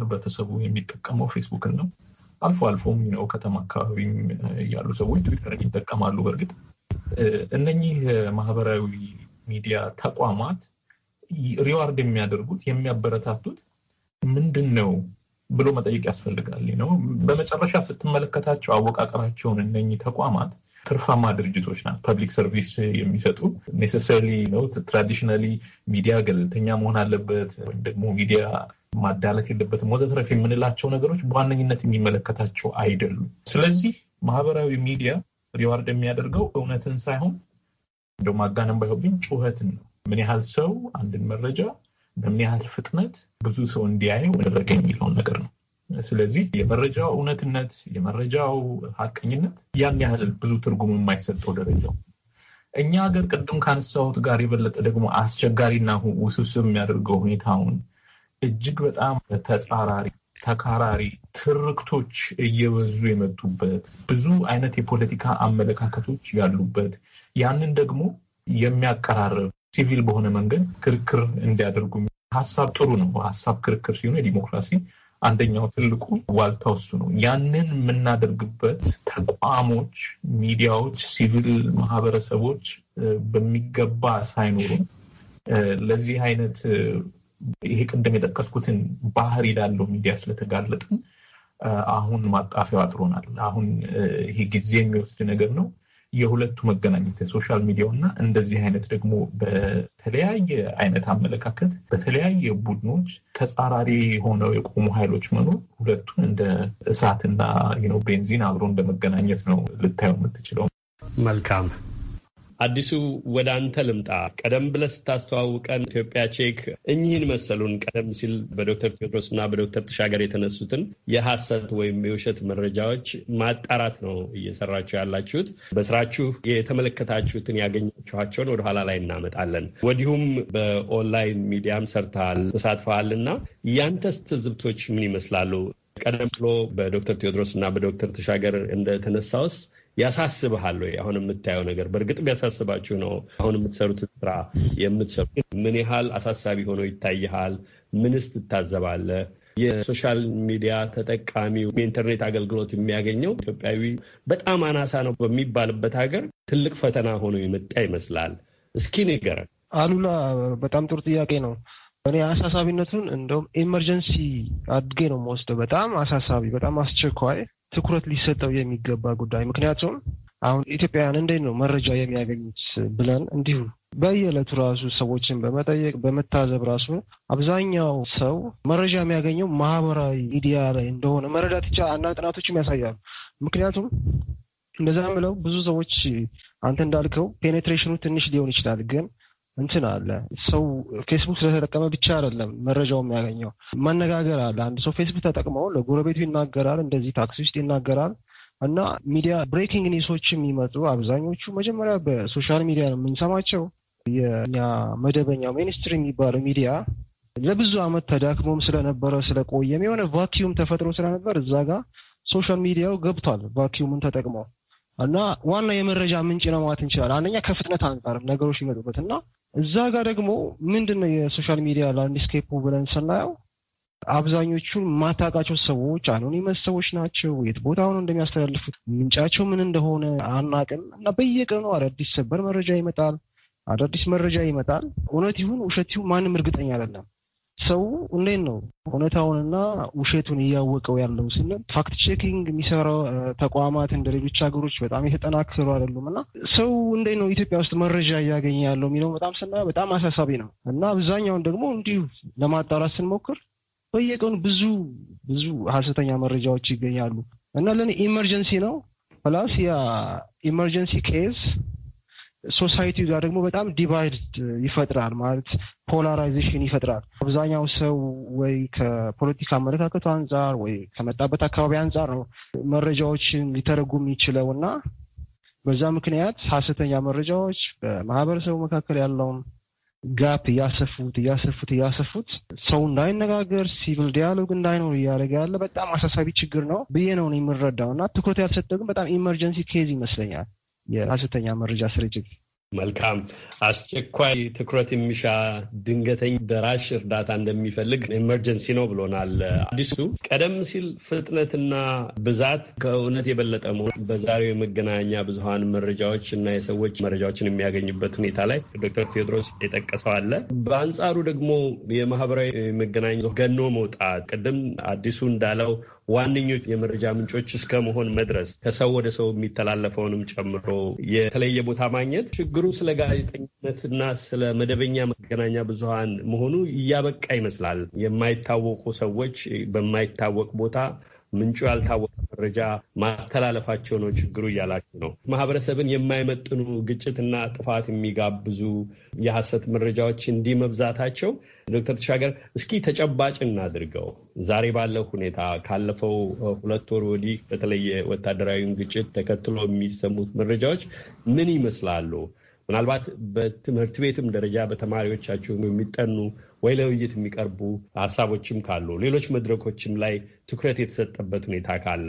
ህብረተሰቡ የሚጠቀመው ፌስቡክን ነው። አልፎ አልፎም ነው ከተማ አካባቢ ያሉ ሰዎች ትዊተርን ይጠቀማሉ። በእርግጥ እነኚህ ማህበራዊ ሚዲያ ተቋማት ሪዋርድ የሚያደርጉት የሚያበረታቱት ምንድን ነው ብሎ መጠየቅ ያስፈልጋል ነው። በመጨረሻ ስትመለከታቸው አወቃቀራቸውን እነኚህ ተቋማት ትርፋማ ድርጅቶች ናት ፐብሊክ ሰርቪስ የሚሰጡ ኔሰሰሪ ነው። ትራዲሽናሊ ሚዲያ ገለልተኛ መሆን አለበት ወይም ደግሞ ሚዲያ ማዳለት የለበትም ወዘተረፍ የምንላቸው ነገሮች በዋነኝነት የሚመለከታቸው አይደሉም። ስለዚህ ማህበራዊ ሚዲያ ሪዋርድ የሚያደርገው እውነትን ሳይሆን እንደ ማጋነን ባይሆብኝ ጩኸትን ነው። ምን ያህል ሰው አንድን መረጃ በምን ያህል ፍጥነት ብዙ ሰው እንዲያየው ያደረገ የሚለውን ነገር ነው። ስለዚህ የመረጃው እውነትነት፣ የመረጃው ሀቀኝነት ያን ያህል ብዙ ትርጉም የማይሰጠው ደረጃው እኛ ሀገር ቅድም ካነሳሁት ጋር የበለጠ ደግሞ አስቸጋሪና ውስብስብ የሚያደርገው ሁኔታውን እጅግ በጣም ተጻራሪ ተካራሪ ትርክቶች እየበዙ የመጡበት ብዙ አይነት የፖለቲካ አመለካከቶች ያሉበት ያንን ደግሞ የሚያቀራርብ ሲቪል በሆነ መንገድ ክርክር እንዲያደርጉ ሀሳብ ጥሩ ነው። ሀሳብ ክርክር ሲሆን የዲሞክራሲ አንደኛው ትልቁ ዋልታው እሱ ነው። ያንን የምናደርግበት ተቋሞች፣ ሚዲያዎች፣ ሲቪል ማህበረሰቦች በሚገባ ሳይኖሩ ለዚህ አይነት ይሄ ቅድም የጠቀስኩትን ባህሪ ላለው ሚዲያ ስለተጋለጥን አሁን ማጣፊያው አጥሮናል። አሁን ይሄ ጊዜ የሚወስድ ነገር ነው። የሁለቱ መገናኘት የሶሻል ሚዲያው እና እንደዚህ አይነት ደግሞ በተለያየ አይነት አመለካከት በተለያየ ቡድኖች ተጻራሪ ሆነው የቆሙ ኃይሎች መኖር ሁለቱን እንደ እሳትና ቤንዚን አብሮ እንደመገናኘት ነው ልታየው የምትችለው። መልካም አዲሱ ወደ አንተ ልምጣ። ቀደም ብለህ ስታስተዋውቀን ኢትዮጵያ ቼክ እኚህን መሰሉን ቀደም ሲል በዶክተር ቴዎድሮስ እና በዶክተር ተሻገር የተነሱትን የሐሰት ወይም የውሸት መረጃዎች ማጣራት ነው እየሰራችሁ ያላችሁት። በስራችሁ የተመለከታችሁትን ያገኛችኋቸውን ወደኋላ ላይ እናመጣለን። ወዲሁም በኦንላይን ሚዲያም ሰርተሃል፣ ተሳትፈሃል እና ያንተስ ትዝብቶች ምን ይመስላሉ? ቀደም ብሎ በዶክተር ቴዎድሮስ እና በዶክተር ተሻገር እንደተነሳውስ ያሳስብሃል ወይ? አሁን የምታየው ነገር በእርግጥ ቢያሳስባችሁ ነው አሁን የምትሰሩት ስራ የምትሰሩት ምን ያህል አሳሳቢ ሆኖ ይታይሃል? ምንስ ትታዘባለህ? የሶሻል ሚዲያ ተጠቃሚው የኢንተርኔት አገልግሎት የሚያገኘው ኢትዮጵያዊ በጣም አናሳ ነው በሚባልበት ሀገር ትልቅ ፈተና ሆኖ የመጣ ይመስላል። እስኪ ንገረን አሉላ። በጣም ጥሩ ጥያቄ ነው። እኔ አሳሳቢነቱን እንደውም ኤመርጀንሲ አድጌ ነው የምወስደው። በጣም አሳሳቢ፣ በጣም አስቸኳይ ትኩረት ሊሰጠው የሚገባ ጉዳይ ምክንያቱም አሁን ኢትዮጵያውያን እንዴት ነው መረጃ የሚያገኙት ብለን እንዲሁ በየዕለቱ ራሱ ሰዎችን በመጠየቅ በመታዘብ ራሱ አብዛኛው ሰው መረጃ የሚያገኘው ማህበራዊ ሚዲያ ላይ እንደሆነ መረዳት ይቻ እና ጥናቶችም ያሳያሉ። ምክንያቱም እንደዛ ምለው ብዙ ሰዎች አንተ እንዳልከው ፔኔትሬሽኑ ትንሽ ሊሆን ይችላል ግን እንትን አለ። ሰው ፌስቡክ ስለተጠቀመ ብቻ አይደለም መረጃው የሚያገኘው፣ ማነጋገር አለ። አንድ ሰው ፌስቡክ ተጠቅመው ለጎረቤቱ ይናገራል፣ እንደዚህ ታክሲ ውስጥ ይናገራል። እና ሚዲያ ብሬኪንግ ኒውሶች የሚመጡ አብዛኞቹ መጀመሪያ በሶሻል ሚዲያ ነው የምንሰማቸው። የኛ መደበኛ ሚኒስትር የሚባለው ሚዲያ ለብዙ ዓመት ተዳክሞም ስለነበረ ስለቆየም የሆነ ቫኪዩም ተፈጥሮ ስለነበር እዛ ጋር ሶሻል ሚዲያው ገብቷል ቫኪዩምን ተጠቅመው እና ዋና የመረጃ ምንጭ ነው ማለት እንችላለን። አንደኛ ከፍጥነት አንጻርም ነገሮች ይመጡበት እና እዛ ጋር ደግሞ ምንድን ነው የሶሻል ሚዲያ ላንድስኬፕ ብለን ስናየው አብዛኞቹን ማታውቃቸው ሰዎች አኖኒመስ ሰዎች ናቸው። የት ቦታ ሆነው እንደሚያስተላልፉት ምንጫቸው ምን እንደሆነ አናቅም እና በየቀኑ አዳዲስ ሰበር መረጃ ይመጣል፣ አዳዲስ መረጃ ይመጣል። እውነት ይሁን ውሸት ይሁን ማንም እርግጠኛ አይደለም። ሰው እንዴት ነው እውነታውንና ውሸቱን እያወቀው ያለው ስንል ፋክት ቼኪንግ የሚሰራ ተቋማት እንደ ሌሎች ሀገሮች በጣም የተጠናከሩ አይደሉም እና ሰው እንዴት ነው ኢትዮጵያ ውስጥ መረጃ እያገኘ ያለው የሚለው በጣም ስናየው በጣም አሳሳቢ ነው እና አብዛኛውን ደግሞ እንዲሁ ለማጣራት ስንሞክር በየቀኑ ብዙ ብዙ ሀሰተኛ መረጃዎች ይገኛሉ እና ለእኔ ኢመርጀንሲ ነው ፕላስ ያ ኢመርጀንሲ ኬዝ ሶሳይቲ ጋር ደግሞ በጣም ዲቫይድ ይፈጥራል ማለት ፖላራይዜሽን ይፈጥራል። አብዛኛው ሰው ወይ ከፖለቲካ አመለካከቱ አንጻር ወይ ከመጣበት አካባቢ አንጻር ነው መረጃዎችን ሊተረጉም ይችለው እና በዛ ምክንያት ሀሰተኛ መረጃዎች በማህበረሰቡ መካከል ያለውን ጋፕ እያሰፉት እያሰፉት እያሰፉት ሰው እንዳይነጋገር ሲቪል ዲያሎግ እንዳይኖር እያደረገ ያለ በጣም አሳሳቢ ችግር ነው ብዬ ነው የምረዳው። እና ትኩረት ያልሰጠ ግን በጣም ኢመርጀንሲ ኬዝ ይመስለኛል። የሀሰተኛ መረጃ ስርጭት። መልካም አስቸኳይ ትኩረት የሚሻ ድንገተኛ ደራሽ እርዳታ እንደሚፈልግ ኤመርጀንሲ ነው ብሎናል። አዲሱ ቀደም ሲል ፍጥነትና ብዛት ከእውነት የበለጠ መሆን በዛሬው የመገናኛ ብዙኃን መረጃዎች እና የሰዎች መረጃዎችን የሚያገኙበት ሁኔታ ላይ ዶክተር ቴዎድሮስ የጠቀሰው አለ። በአንጻሩ ደግሞ የማህበራዊ መገናኛ ገኖ መውጣት ቅድም አዲሱ እንዳለው ዋነኞች የመረጃ ምንጮች እስከ መሆን መድረስ ከሰው ወደ ሰው የሚተላለፈውንም ጨምሮ የተለየ ቦታ ማግኘት ችግሩ ስለ ጋዜጠኝነትና ስለ መደበኛ መገናኛ ብዙሃን መሆኑ እያበቃ ይመስላል። የማይታወቁ ሰዎች በማይታወቅ ቦታ ምንጩ ያልታወቀ መረጃ ማስተላለፋቸው ነው ችግሩ እያላችሁ ነው። ማህበረሰብን የማይመጥኑ ግጭትና ጥፋት የሚጋብዙ የሐሰት መረጃዎች እንዲህ መብዛታቸው ዶክተር ተሻገር እስኪ ተጨባጭ እናድርገው። ዛሬ ባለው ሁኔታ ካለፈው ሁለት ወር ወዲህ በተለይ ወታደራዊን ግጭት ተከትሎ የሚሰሙት መረጃዎች ምን ይመስላሉ? ምናልባት በትምህርት ቤትም ደረጃ በተማሪዎቻችሁ የሚጠኑ ወይ ለውይይት የሚቀርቡ ሀሳቦችም ካሉ ሌሎች መድረኮችም ላይ ትኩረት የተሰጠበት ሁኔታ ካለ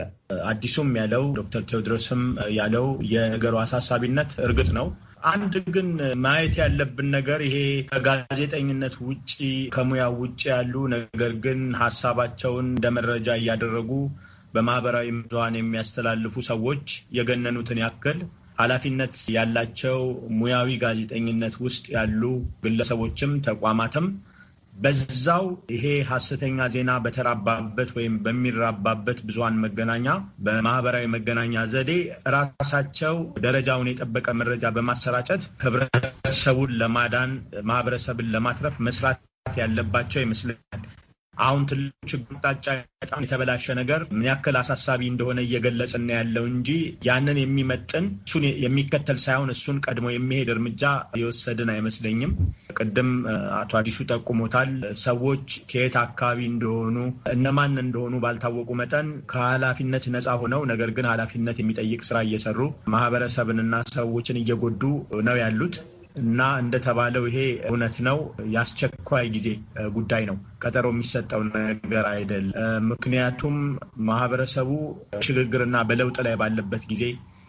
አዲሱም ያለው ዶክተር ቴዎድሮስም ያለው የነገሩ አሳሳቢነት እርግጥ ነው። አንድ ግን ማየት ያለብን ነገር ይሄ ከጋዜጠኝነት ውጭ ከሙያው ውጭ ያሉ ነገር ግን ሀሳባቸውን እንደ መረጃ እያደረጉ በማህበራዊ ብዙሃን የሚያስተላልፉ ሰዎች የገነኑትን ያክል ኃላፊነት ያላቸው ሙያዊ ጋዜጠኝነት ውስጥ ያሉ ግለሰቦችም ተቋማትም በዛው ይሄ ሀሰተኛ ዜና በተራባበት ወይም በሚራባበት ብዙሃን መገናኛ በማህበራዊ መገናኛ ዘዴ ራሳቸው ደረጃውን የጠበቀ መረጃ በማሰራጨት ህብረተሰቡን ለማዳን ማህበረሰብን ለማትረፍ መስራት ያለባቸው ይመስለኛል። አሁን ትልቁ ችግር አቅጣጫ በጣም የተበላሸ ነገር ምን ያክል አሳሳቢ እንደሆነ እየገለጽን ያለው እንጂ ያንን የሚመጥን እሱን የሚከተል ሳይሆን እሱን ቀድሞ የሚሄድ እርምጃ የወሰድን አይመስለኝም። ቅድም አቶ አዲሱ ጠቁሞታል። ሰዎች ከየት አካባቢ እንደሆኑ እነማን እንደሆኑ ባልታወቁ መጠን ከኃላፊነት ነፃ ሆነው ነገር ግን ኃላፊነት የሚጠይቅ ስራ እየሰሩ ማህበረሰብንና ሰዎችን እየጎዱ ነው ያሉት። እና እንደተባለው ይሄ እውነት ነው። የአስቸኳይ ጊዜ ጉዳይ ነው። ቀጠሮ የሚሰጠው ነገር አይደለም። ምክንያቱም ማህበረሰቡ ሽግግርና በለውጥ ላይ ባለበት ጊዜ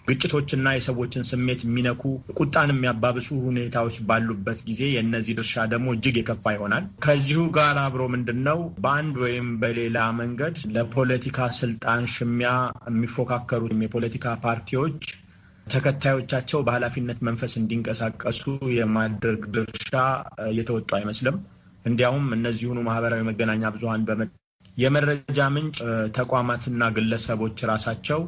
ግጭቶችና የሰዎችን ስሜት የሚነኩ ቁጣን የሚያባብሱ ሁኔታዎች ባሉበት ጊዜ የእነዚህ ድርሻ ደግሞ እጅግ የከፋ ይሆናል። ከዚሁ ጋር አብሮ ምንድን ነው በአንድ ወይም በሌላ መንገድ ለፖለቲካ ስልጣን ሽሚያ የሚፎካከሩ የፖለቲካ ፓርቲዎች ተከታዮቻቸው በኃላፊነት መንፈስ እንዲንቀሳቀሱ የማድረግ ድርሻ እየተወጡ አይመስልም። እንዲያውም እነዚሁኑ ማህበራዊ መገናኛ በመ የመረጃ ምንጭ ተቋማትና ግለሰቦች ራሳቸው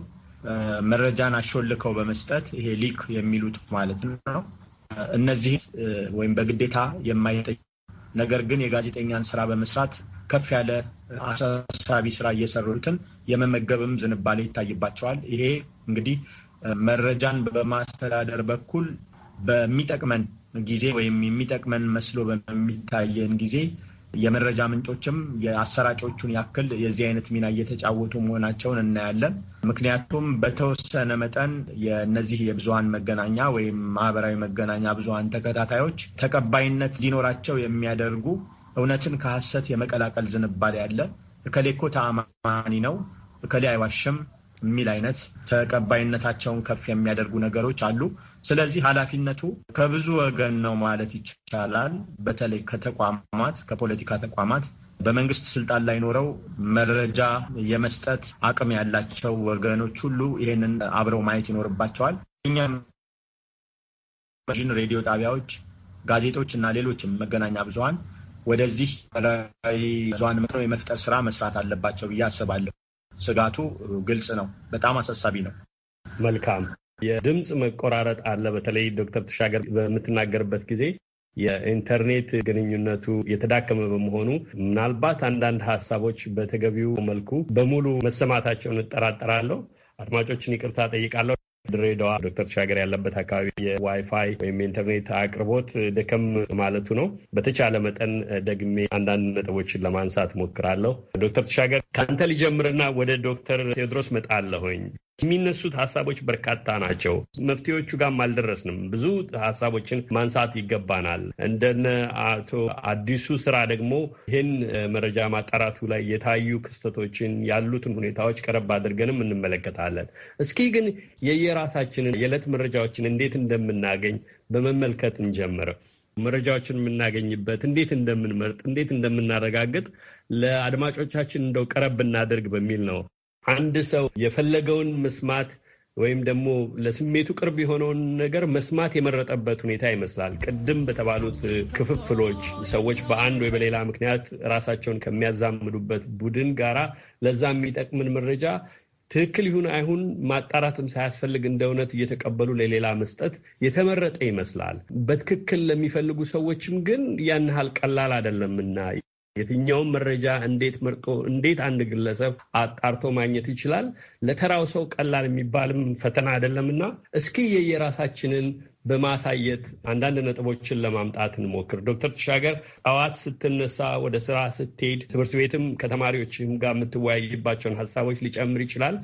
መረጃን አሾልከው በመስጠት ይሄ ሊክ የሚሉት ማለት ነው። እነዚህ ወይም በግዴታ የማይጠይቅ ነገር ግን የጋዜጠኛን ስራ በመስራት ከፍ ያለ አሳሳቢ ስራ እየሰሩትን የመመገብም ዝንባሌ ይታይባቸዋል። ይሄ እንግዲህ መረጃን በማስተዳደር በኩል በሚጠቅመን ጊዜ ወይም የሚጠቅመን መስሎ በሚታየን ጊዜ የመረጃ ምንጮችም የአሰራጮቹን ያክል የዚህ አይነት ሚና እየተጫወቱ መሆናቸውን እናያለን። ምክንያቱም በተወሰነ መጠን የእነዚህ የብዙሀን መገናኛ ወይም ማህበራዊ መገናኛ ብዙሀን ተከታታዮች ተቀባይነት ሊኖራቸው የሚያደርጉ እውነትን ከሐሰት የመቀላቀል ዝንባሌ ያለ እከሌ እኮ ተአማኒ ነው፣ እከሌ አይዋሽም፣ የሚል አይነት ተቀባይነታቸውን ከፍ የሚያደርጉ ነገሮች አሉ። ስለዚህ ኃላፊነቱ ከብዙ ወገን ነው ማለት ይቻላል። በተለይ ከተቋማት ከፖለቲካ ተቋማት በመንግስት ስልጣን ላይ ኖረው መረጃ የመስጠት አቅም ያላቸው ወገኖች ሁሉ ይህንን አብረው ማየት ይኖርባቸዋል። እኛም ሬዲዮ ጣቢያዎች፣ ጋዜጦች እና ሌሎችም መገናኛ ብዙሀን ወደዚህ ብዙኃን የመፍጠር ስራ መስራት አለባቸው ብዬ አስባለሁ። ስጋቱ ግልጽ ነው። በጣም አሳሳቢ ነው። መልካም የድምፅ መቆራረጥ አለ። በተለይ ዶክተር ተሻገር በምትናገርበት ጊዜ የኢንተርኔት ግንኙነቱ የተዳከመ በመሆኑ ምናልባት አንዳንድ ሀሳቦች በተገቢው መልኩ በሙሉ መሰማታቸውን እጠራጠራለሁ። አድማጮችን ይቅርታ ጠይቃለሁ። ድሬዳዋ ዶክተር ተሻገር ያለበት አካባቢ የዋይፋይ ወይም የኢንተርኔት አቅርቦት ደከም ማለቱ ነው። በተቻለ መጠን ደግሜ አንዳንድ ነጥቦችን ለማንሳት ሞክራለሁ። ዶክተር ተሻገር ከአንተ ሊጀምርና ወደ ዶክተር ቴዎድሮስ መጣለሁኝ። የሚነሱት ሀሳቦች በርካታ ናቸው። መፍትሄዎቹ ጋርም አልደረስንም። ብዙ ሀሳቦችን ማንሳት ይገባናል። እንደነ አቶ አዲሱ ስራ ደግሞ ይህን መረጃ ማጣራቱ ላይ የታዩ ክስተቶችን ያሉትን ሁኔታዎች ቀረብ አድርገንም እንመለከታለን። እስኪ ግን የየራሳችንን የዕለት መረጃዎችን እንዴት እንደምናገኝ በመመልከት እንጀምር። መረጃዎችን የምናገኝበት እንዴት እንደምንመርጥ፣ እንዴት እንደምናረጋግጥ ለአድማጮቻችን እንደው ቀረብ እናደርግ በሚል ነው አንድ ሰው የፈለገውን መስማት ወይም ደግሞ ለስሜቱ ቅርብ የሆነውን ነገር መስማት የመረጠበት ሁኔታ ይመስላል። ቅድም በተባሉት ክፍፍሎች ሰዎች በአንድ ወይ በሌላ ምክንያት ራሳቸውን ከሚያዛምዱበት ቡድን ጋራ ለዛ የሚጠቅምን መረጃ ትክክል ይሁን አይሁን ማጣራትም ሳያስፈልግ እንደ እውነት እየተቀበሉ ለሌላ መስጠት የተመረጠ ይመስላል። በትክክል ለሚፈልጉ ሰዎችም ግን ያን ያህል ቀላል አይደለምና የትኛውም መረጃ እንዴት መርጦ እንዴት አንድ ግለሰብ አጣርቶ ማግኘት ይችላል? ለተራው ሰው ቀላል የሚባልም ፈተና አይደለምና እስኪ የየራሳችንን በማሳየት አንዳንድ ነጥቦችን ለማምጣት እንሞክር። ዶክተር ተሻገር ጠዋት ስትነሳ፣ ወደ ስራ ስትሄድ፣ ትምህርት ቤትም ከተማሪዎችም ጋር የምትወያይባቸውን ሀሳቦች ሊጨምር ይችላል።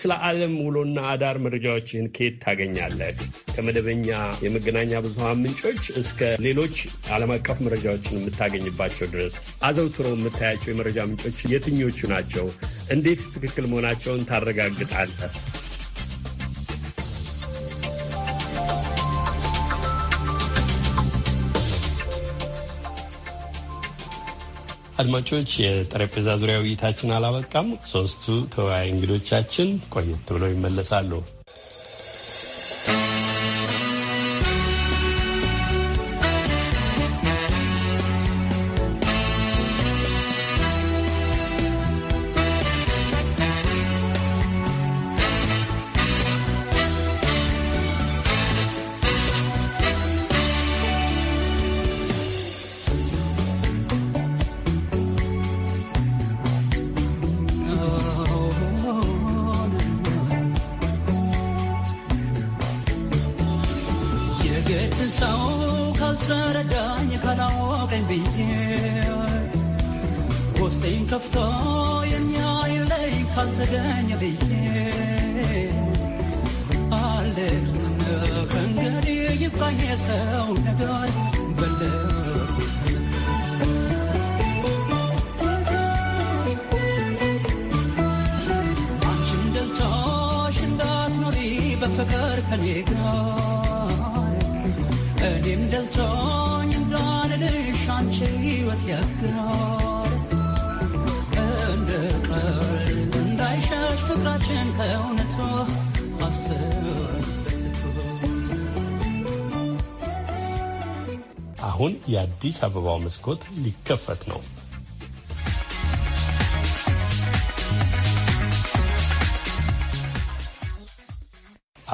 ስለ ዓለም ውሎና አዳር መረጃዎችን ከየት ታገኛለህ? ከመደበኛ የመገናኛ ብዙሃን ምንጮች እስከ ሌሎች ዓለም አቀፍ መረጃዎችን የምታገኝባቸው ድረስ አዘውትሮ የምታያቸው የመረጃ ምንጮች የትኞቹ ናቸው? እንዴትስ ትክክል መሆናቸውን ታረጋግጣለህ? አድማጮች የጠረጴዛ ዙሪያ ውይይታችን አላበቃም። ሶስቱ ተወያይ እንግዶቻችን ቆየት ብለው ይመለሳሉ። መስኮት ሊከፈት ነው።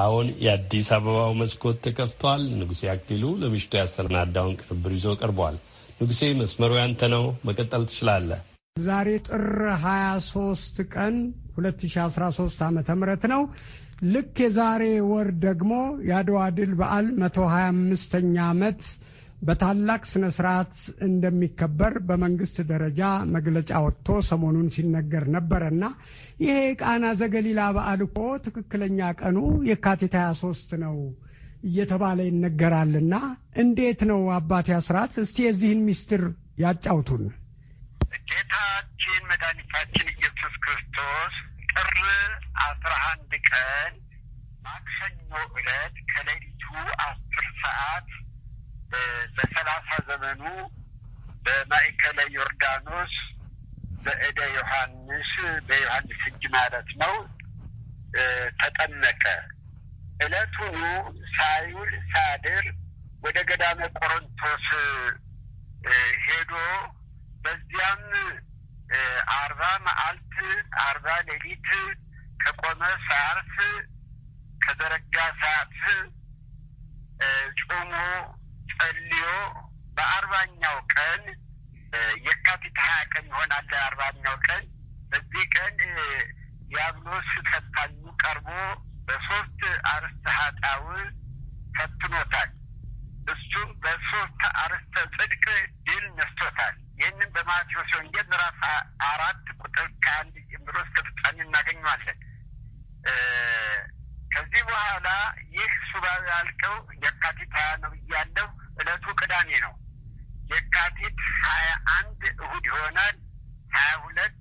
አሁን የአዲስ አበባው መስኮት ተከፍቷል። ንጉሴ አክሊሉ ለምሽቱ ያሰናዳውን ቅንብር ይዞ ቀርቧል። ንጉሴ መስመሩ ያንተ ነው፣ መቀጠል ትችላለህ። ዛሬ ጥር 23 ቀን 2013 ዓ ም ነው። ልክ የዛሬ ወር ደግሞ የአድዋ ድል በዓል 125ኛ ዓመት በታላቅ ስነ ስርዓት እንደሚከበር በመንግስት ደረጃ መግለጫ ወጥቶ ሰሞኑን ሲነገር ነበረና ይሄ ቃና ዘገሊላ በዓል እኮ ትክክለኛ ቀኑ የካቲት 23 ነው እየተባለ ይነገራልና እንዴት ነው አባቴ አስራት እስቲ የዚህን ሚስጢር ያጫውቱን። ጌታችን መድኃኒታችን ኢየሱስ ክርስቶስ ጥር አስራ አንድ ቀን ማክሰኞ ዕለት ከሌሊቱ አስር ሰዓት በሰላሳ ዘመኑ በማዕከለ ዮርዳኖስ በእደ ዮሐንስ በዮሐንስ እጅ ማለት ነው ተጠመቀ። እለቱኑ ሳይውል ሳድር ወደ ገዳመ ቆሮንቶስ ሄዶ በዚያም አርባ መዓልት አርባ ሌሊት ከቆመ ሰዓት ከዘረጋ ሰዓት ጾሞ ጸልዮ በአርባኛው ቀን የካቲት ሀያ ቀን ይሆናል። አርባኛው ቀን በዚህ ቀን ዲያብሎስ ፈታኙ ቀርቦ በሶስት አርስተ ኃጣው ፈትኖታል። እሱም በሶስት አርስተ ጽድቅ ድል ነስቶታል። ይህንን በማቴዎስ ወንጌል ምዕራፍ አራት ቁጥር ከአንድ ጀምሮ እስከ ፍጻሜ እናገኘዋለን። ከዚህ በኋላ ይህ ሱባ ያልከው የካቲት ሀያ ነው እያለው እለቱ ቅዳሜ ነው። የካቲት ሀያ አንድ እሁድ ይሆናል። ሀያ ሁለት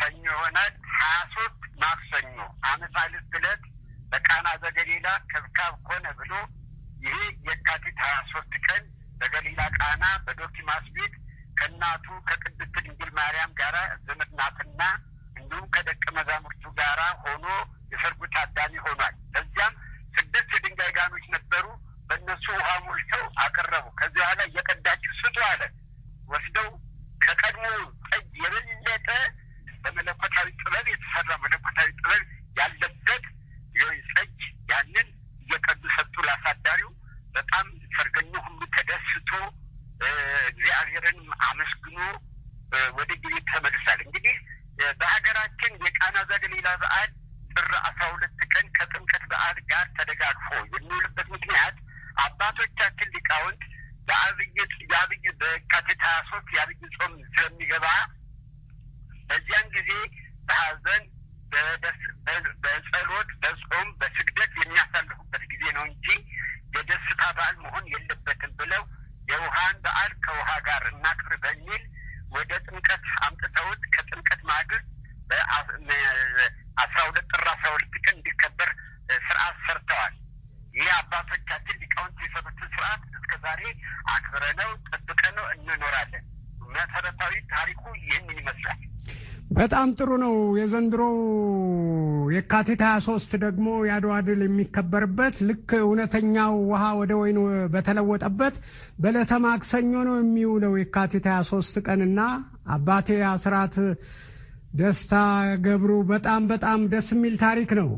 ሰኞ ይሆናል። ሀያ ሶስት ማክሰኞ አመሳልስ እለት በቃና ዘገሊላ ከብካብ ኮነ ብሎ ይሄ የካቲት ሀያ ሶስት ቀን በገሊላ ቃና በዶኪማስ ቤት ከእናቱ ከቅድስት ድንግል ማርያም ጋራ ዝምድናትና እንዲሁም ከደቀ መዛሙርቱ ጋራ ሆኖ ታዳሚ ሆኗል። ጥሩ ነው። የዘንድሮ የካቲት 23 ደግሞ የአድዋ ድል የሚከበርበት ልክ እውነተኛው ውሃ ወደ ወይን በተለወጠበት በዕለተ ማክሰኞ ነው የሚውለው የካቲት 23 ቀንና አባቴ አስራት ደስታ ገብሩ በጣም በጣም ደስ የሚል ታሪክ ነው።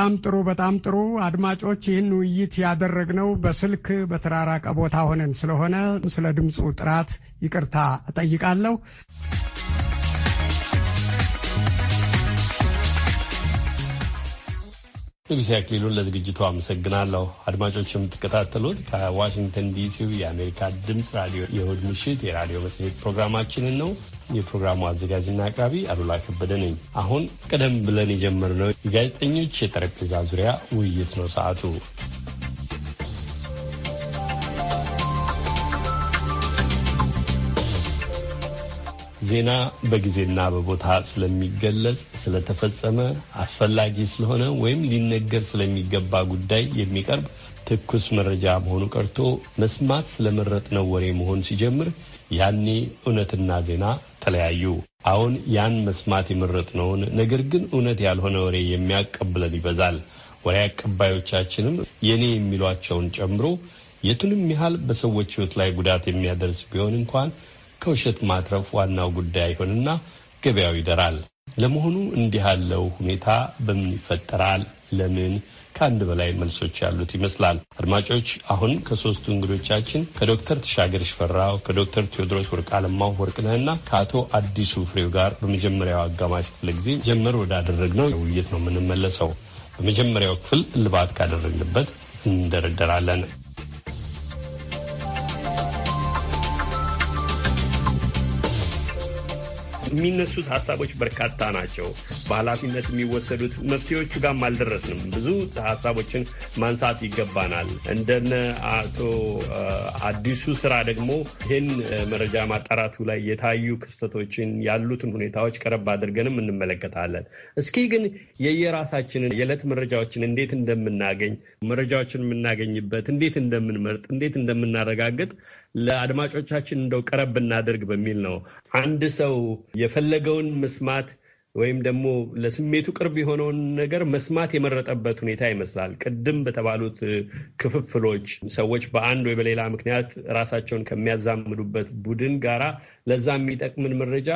በጣም ጥሩ በጣም ጥሩ። አድማጮች ይህን ውይይት ያደረግነው በስልክ በተራራቀ ቦታ ሆነን ስለሆነ ስለ ድምፁ ጥራት ይቅርታ እጠይቃለሁ። ንጉሴ አክሊሉን ለዝግጅቱ አመሰግናለሁ። አድማጮች የምትከታተሉት ከዋሽንግተን ዲሲው የአሜሪካ ድምፅ ራዲዮ የእሁድ ምሽት የራዲዮ መጽሔት ፕሮግራማችንን ነው። የፕሮግራሙ አዘጋጅና አቅራቢ አሉላ ከበደ ነኝ። አሁን ቀደም ብለን የጀመርነው የጋዜጠኞች የጠረጴዛ ዙሪያ ውይይት ነው ሰዓቱ። ዜና በጊዜና በቦታ ስለሚገለጽ ስለተፈጸመ አስፈላጊ ስለሆነ ወይም ሊነገር ስለሚገባ ጉዳይ የሚቀርብ ትኩስ መረጃ መሆኑ ቀርቶ መስማት ስለመረጥነው ወሬ መሆን ሲጀምር ያኔ እውነትና ዜና ተለያዩ። አሁን ያን መስማት የመረጥነውን ነገር ግን እውነት ያልሆነ ወሬ የሚያቀብለን ይበዛል። ወሬ አቀባዮቻችንም የኔ የሚሏቸውን ጨምሮ የቱንም ያህል በሰዎች ሕይወት ላይ ጉዳት የሚያደርስ ቢሆን እንኳን ከውሸት ማትረፍ ዋናው ጉዳይ አይሆንና ገበያው ይደራል። ለመሆኑ እንዲህ ያለው ሁኔታ በምን ይፈጠራል? ለምን ከአንድ በላይ መልሶች ያሉት ይመስላል። አድማጮች አሁን ከሶስቱ እንግዶቻችን ከዶክተር ተሻገር ሽፈራው፣ ከዶክተር ቴዎድሮስ ወርቅ አለማው ወርቅነህና ከአቶ አዲሱ ፍሬው ጋር በመጀመሪያው አጋማሽ ክፍለ ጊዜ ጀመር ወዳደረግነው ውይይት ነው የምንመለሰው። በመጀመሪያው ክፍል እልባት ካደረግንበት እንደረደራለን። የሚነሱት ሀሳቦች በርካታ ናቸው። በኃላፊነት የሚወሰዱት መፍትሄዎቹ ጋርም አልደረስንም። ብዙ ሀሳቦችን ማንሳት ይገባናል። እንደነ አቶ አዲሱ ስራ ደግሞ ይህን መረጃ ማጣራቱ ላይ የታዩ ክስተቶችን ያሉትን ሁኔታዎች ቀረብ አድርገንም እንመለከታለን። እስኪ ግን የየራሳችንን የዕለት መረጃዎችን እንዴት እንደምናገኝ፣ መረጃዎችን የምናገኝበት እንዴት እንደምንመርጥ፣ እንዴት እንደምናረጋግጥ ለአድማጮቻችን እንደው ቀረብ እናደርግ በሚል ነው። አንድ ሰው የፈለገውን መስማት ወይም ደግሞ ለስሜቱ ቅርብ የሆነውን ነገር መስማት የመረጠበት ሁኔታ ይመስላል። ቅድም በተባሉት ክፍፍሎች ሰዎች በአንድ ወይ በሌላ ምክንያት ራሳቸውን ከሚያዛምዱበት ቡድን ጋራ ለዛ የሚጠቅምን መረጃ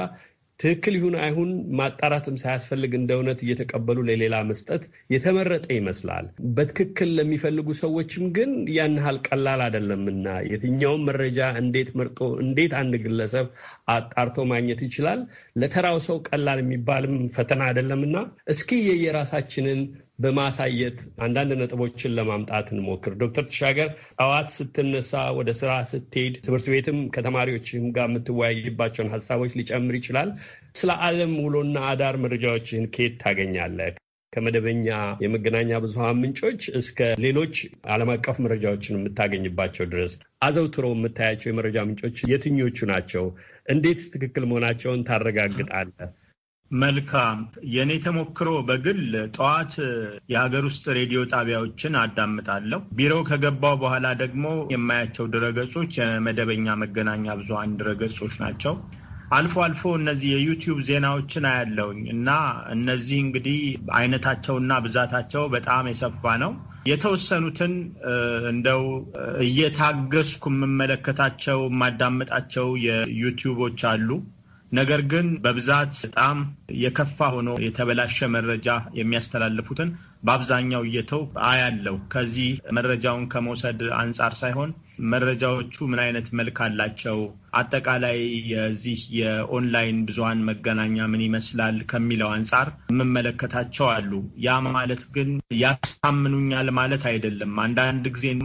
ትክክል ይሁን አይሁን ማጣራትም ሳያስፈልግ እንደ እውነት እየተቀበሉ ለሌላ መስጠት የተመረጠ ይመስላል። በትክክል ለሚፈልጉ ሰዎችም ግን ያን ያህል ቀላል አይደለምና የትኛውም መረጃ እንዴት መርጦ እንዴት አንድ ግለሰብ አጣርቶ ማግኘት ይችላል? ለተራው ሰው ቀላል የሚባልም ፈተና አይደለምና እስኪ የየራሳችንን በማሳየት አንዳንድ ነጥቦችን ለማምጣት እንሞክር። ዶክተር ተሻገር ጠዋት ስትነሳ፣ ወደ ስራ ስትሄድ፣ ትምህርት ቤትም ከተማሪዎችም ጋር የምትወያይባቸውን ሀሳቦች ሊጨምር ይችላል። ስለ ዓለም ውሎና አዳር መረጃዎችን ከየት ታገኛለህ? ከመደበኛ የመገናኛ ብዙሃን ምንጮች እስከ ሌሎች ዓለም አቀፍ መረጃዎችን የምታገኝባቸው ድረስ አዘውትሮ የምታያቸው የመረጃ ምንጮች የትኞቹ ናቸው? እንዴትስ ትክክል መሆናቸውን ታረጋግጣለህ? መልካም። የእኔ ተሞክሮ በግል ጠዋት የሀገር ውስጥ ሬዲዮ ጣቢያዎችን አዳምጣለሁ። ቢሮ ከገባው በኋላ ደግሞ የማያቸው ድረገጾች የመደበኛ መገናኛ ብዙሀን ድረገጾች ናቸው። አልፎ አልፎ እነዚህ የዩቲዩብ ዜናዎችን አያለውኝ እና እነዚህ እንግዲህ አይነታቸውና ብዛታቸው በጣም የሰፋ ነው። የተወሰኑትን እንደው እየታገስኩ የምመለከታቸው የማዳምጣቸው የዩቲዩቦች አሉ። ነገር ግን በብዛት በጣም የከፋ ሆኖ የተበላሸ መረጃ የሚያስተላልፉትን በአብዛኛው እየተው አያለው። ከዚህ መረጃውን ከመውሰድ አንጻር ሳይሆን መረጃዎቹ ምን አይነት መልክ አላቸው አጠቃላይ የዚህ የኦንላይን ብዙሀን መገናኛ ምን ይመስላል ከሚለው አንጻር የምመለከታቸው አሉ። ያ ማለት ግን ያሳምኑኛል ማለት አይደለም። አንዳንድ ጊዜም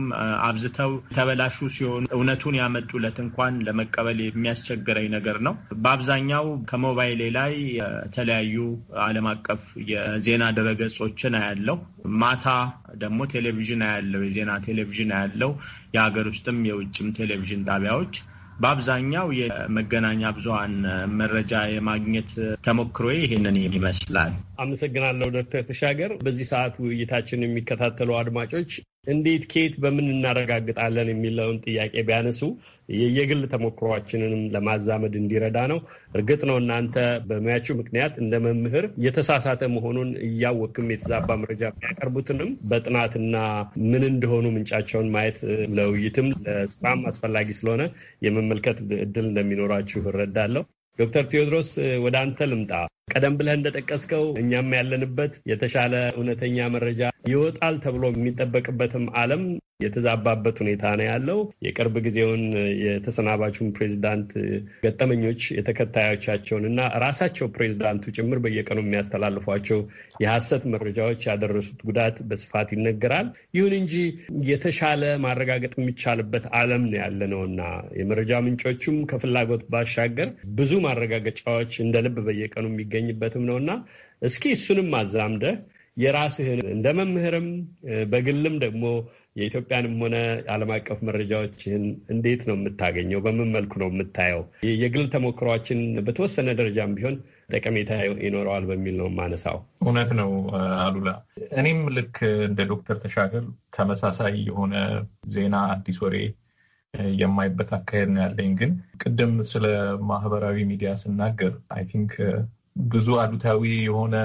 አብዝተው ተበላሹ ሲሆኑ እውነቱን ያመጡለት እንኳን ለመቀበል የሚያስቸግረኝ ነገር ነው። በአብዛኛው ከሞባይሌ ላይ የተለያዩ ዓለም አቀፍ የዜና ድረገጾችን አያለው። ማታ ደግሞ ቴሌቪዥን አያለው፣ የዜና ቴሌቪዥን አያለው፣ የሀገር ውስጥም የውጭም ቴሌቪዥን ጣቢያዎች በአብዛኛው የመገናኛ ብዙሀን መረጃ የማግኘት ተሞክሮ ይህንን ይመስላል። አመሰግናለሁ ዶክተር ተሻገር። በዚህ ሰዓት ውይይታችን የሚከታተሉ አድማጮች እንዴት ከየት በምን እናረጋግጣለን የሚለውን ጥያቄ ቢያነሱ የየግል ተሞክሯችንንም ለማዛመድ እንዲረዳ ነው። እርግጥ ነው እናንተ በሙያችሁ ምክንያት እንደ መምህር የተሳሳተ መሆኑን እያወቅም የተዛባ መረጃ የሚያቀርቡትንም በጥናትና ምን እንደሆኑ ምንጫቸውን ማየት ለውይይትም ለስራም አስፈላጊ ስለሆነ የመመልከት እድል እንደሚኖራችሁ እረዳለሁ። ዶክተር ቴዎድሮስ ወደ አንተ ልምጣ። ቀደም ብለህ እንደጠቀስከው እኛም ያለንበት የተሻለ እውነተኛ መረጃ ይወጣል ተብሎ የሚጠበቅበትም ዓለም የተዛባበት ሁኔታ ነው ያለው። የቅርብ ጊዜውን የተሰናባቹን ፕሬዚዳንት ገጠመኞች የተከታዮቻቸውን እና ራሳቸው ፕሬዚዳንቱ ጭምር በየቀኑ የሚያስተላልፏቸው የሐሰት መረጃዎች ያደረሱት ጉዳት በስፋት ይነገራል። ይሁን እንጂ የተሻለ ማረጋገጥ የሚቻልበት ዓለም ነው ያለ የመረጃ ምንጮቹም ከፍላጎት ባሻገር ብዙ ማረጋገጫዎች እንደ ልብ በየቀኑ የሚገኝበትም ነው እና እስኪ እሱንም አዛምደህ የራስህን እንደ መምህርም በግልም ደግሞ የኢትዮጵያንም ሆነ ዓለም አቀፍ መረጃዎችን እንዴት ነው የምታገኘው? በምን መልኩ ነው የምታየው? የግል ተሞክሯችን በተወሰነ ደረጃም ቢሆን ጠቀሜታ ይኖረዋል በሚል ነው የማነሳው። እውነት ነው አሉላ። እኔም ልክ እንደ ዶክተር ተሻገር ተመሳሳይ የሆነ ዜና አዲስ ወሬ የማይበት አካሄድ ነው ያለኝ። ግን ቅድም ስለ ማህበራዊ ሚዲያ ስናገር አይ ቲንክ ብዙ አሉታዊ የሆነ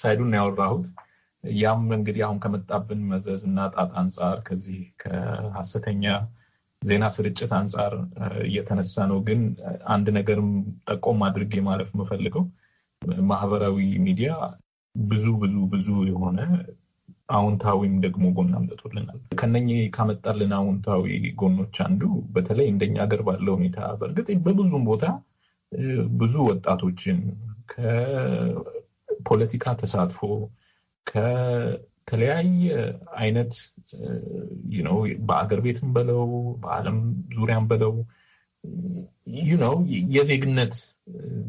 ሳይዱን ያወራሁት ያም እንግዲህ አሁን ከመጣብን መዘዝ እና ጣጣ አንጻር ከዚህ ከሀሰተኛ ዜና ስርጭት አንጻር እየተነሳ ነው። ግን አንድ ነገርም ጠቆም አድርጌ ማለፍ የምፈልገው ማህበራዊ ሚዲያ ብዙ ብዙ ብዙ የሆነ አዎንታዊም ደግሞ ጎን አምጥቶልናል። ከነኚህ ካመጣልን አዎንታዊ ጎኖች አንዱ በተለይ እንደኛ ሀገር ባለው ሁኔታ በእርግጥ በብዙም ቦታ ብዙ ወጣቶችን ከፖለቲካ ተሳትፎ ከተለያየ አይነት ነው በአገር ቤትም በለው በዓለም ዙሪያም በለው ነው የዜግነት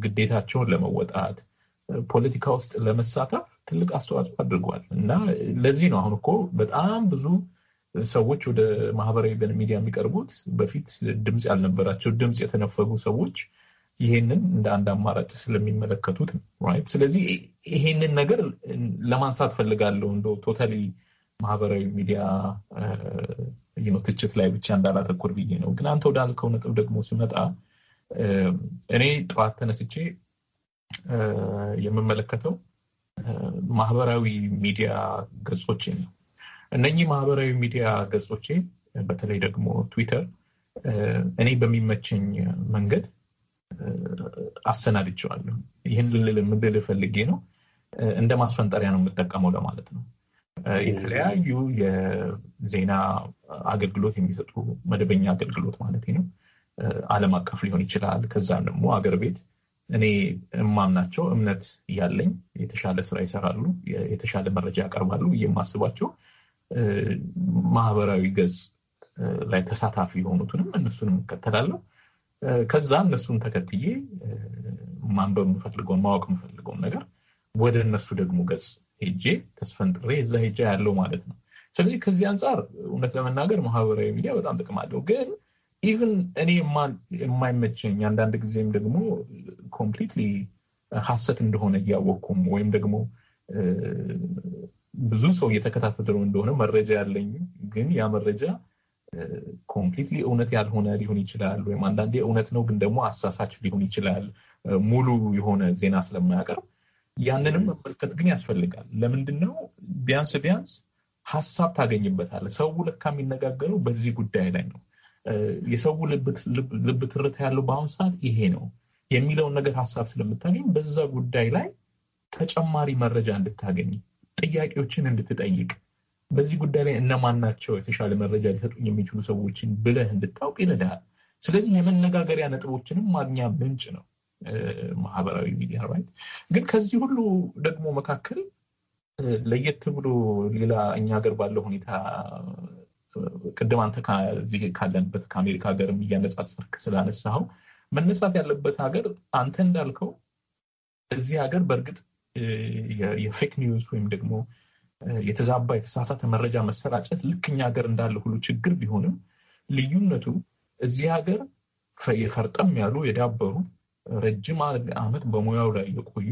ግዴታቸውን ለመወጣት ፖለቲካ ውስጥ ለመሳተፍ ትልቅ አስተዋጽኦ አድርጓል እና ለዚህ ነው አሁን እኮ በጣም ብዙ ሰዎች ወደ ማህበራዊ ሚዲያ የሚቀርቡት በፊት ድምፅ ያልነበራቸው ድምፅ የተነፈጉ ሰዎች ይሄንን እንደ አንድ አማራጭ ስለሚመለከቱት ነው። ስለዚህ ይሄንን ነገር ለማንሳት ፈልጋለሁ እንደ ቶታሊ ማህበራዊ ሚዲያ ትችት ላይ ብቻ እንዳላተኩር ብዬ ነው። ግን አንተ ወዳልከው ነጥብ ደግሞ ስመጣ እኔ ጠዋት ተነስቼ የምመለከተው ማህበራዊ ሚዲያ ገጾቼ ነው። እነኚህ ማህበራዊ ሚዲያ ገጾቼ በተለይ ደግሞ ትዊተር እኔ በሚመቸኝ መንገድ አሰናድቸዋለሁ። ይህን ልልል ምልል ፈልጌ ነው። እንደ ማስፈንጠሪያ ነው የምጠቀመው ለማለት ነው። የተለያዩ የዜና አገልግሎት የሚሰጡ መደበኛ አገልግሎት ማለት ነው። ዓለም አቀፍ ሊሆን ይችላል። ከዛም ደግሞ አገር ቤት እኔ እማምናቸው እምነት እያለኝ የተሻለ ስራ ይሰራሉ፣ የተሻለ መረጃ ያቀርባሉ የማስባቸው ማህበራዊ ገጽ ላይ ተሳታፊ የሆኑትንም እነሱንም እከተላለሁ። ከዛ እነሱን ተከትዬ ማንበብ የምፈልገውን ማወቅ የምፈልገውን ነገር ወደ እነሱ ደግሞ ገጽ ሄጄ ተስፈንጥሬ እዛ ሄጄ ያለው ማለት ነው። ስለዚህ ከዚህ አንጻር እውነት ለመናገር ማህበራዊ ሚዲያ በጣም ጥቅም አለው ግን ኢቨን እኔ የማይመቸኝ አንዳንድ ጊዜም ደግሞ ኮምፕሊትሊ ሀሰት እንደሆነ እያወቅኩም ወይም ደግሞ ብዙ ሰው እየተከታተለው እንደሆነ መረጃ ያለኝ ግን ያ መረጃ ኮምፕሊትሊ እውነት ያልሆነ ሊሆን ይችላል። ወይም አንዳንዴ እውነት ነው ግን ደግሞ አሳሳች ሊሆን ይችላል። ሙሉ የሆነ ዜና ስለማያቀርብ ያንንም መመልከት ግን ያስፈልጋል። ለምንድን ነው ቢያንስ ቢያንስ ሀሳብ ታገኝበታለህ። ሰው ለካ የሚነጋገረው በዚህ ጉዳይ ላይ ነው። የሰው ልብ ትርታ ያለው በአሁኑ ሰዓት ይሄ ነው የሚለውን ነገር ሀሳብ ስለምታገኝ በዛ ጉዳይ ላይ ተጨማሪ መረጃ እንድታገኝ፣ ጥያቄዎችን እንድትጠይቅ፣ በዚህ ጉዳይ ላይ እነማን ናቸው የተሻለ መረጃ ሊሰጡኝ የሚችሉ ሰዎችን ብለህ እንድታውቅ ይረዳል። ስለዚህ የመነጋገሪያ ነጥቦችንም ማግኛ ምንጭ ነው ማህበራዊ ሚዲያ ራይት። ግን ከዚህ ሁሉ ደግሞ መካከል ለየት ብሎ ሌላ እኛ ሀገር ባለው ሁኔታ ቅድም አንተ ከዚህ ካለንበት ከአሜሪካ ሀገርም እያነጻጸርክ ስላነሳኸው መነሳት ያለበት ሀገር አንተ እንዳልከው እዚህ ሀገር በእርግጥ የፌክ ኒውስ ወይም ደግሞ የተዛባ የተሳሳተ መረጃ መሰራጨት ልክ እኛ ሀገር እንዳለ ሁሉ ችግር ቢሆንም ልዩነቱ እዚህ ሀገር የፈርጠም ያሉ የዳበሩ ረጅም ዓመት በሙያው ላይ የቆዩ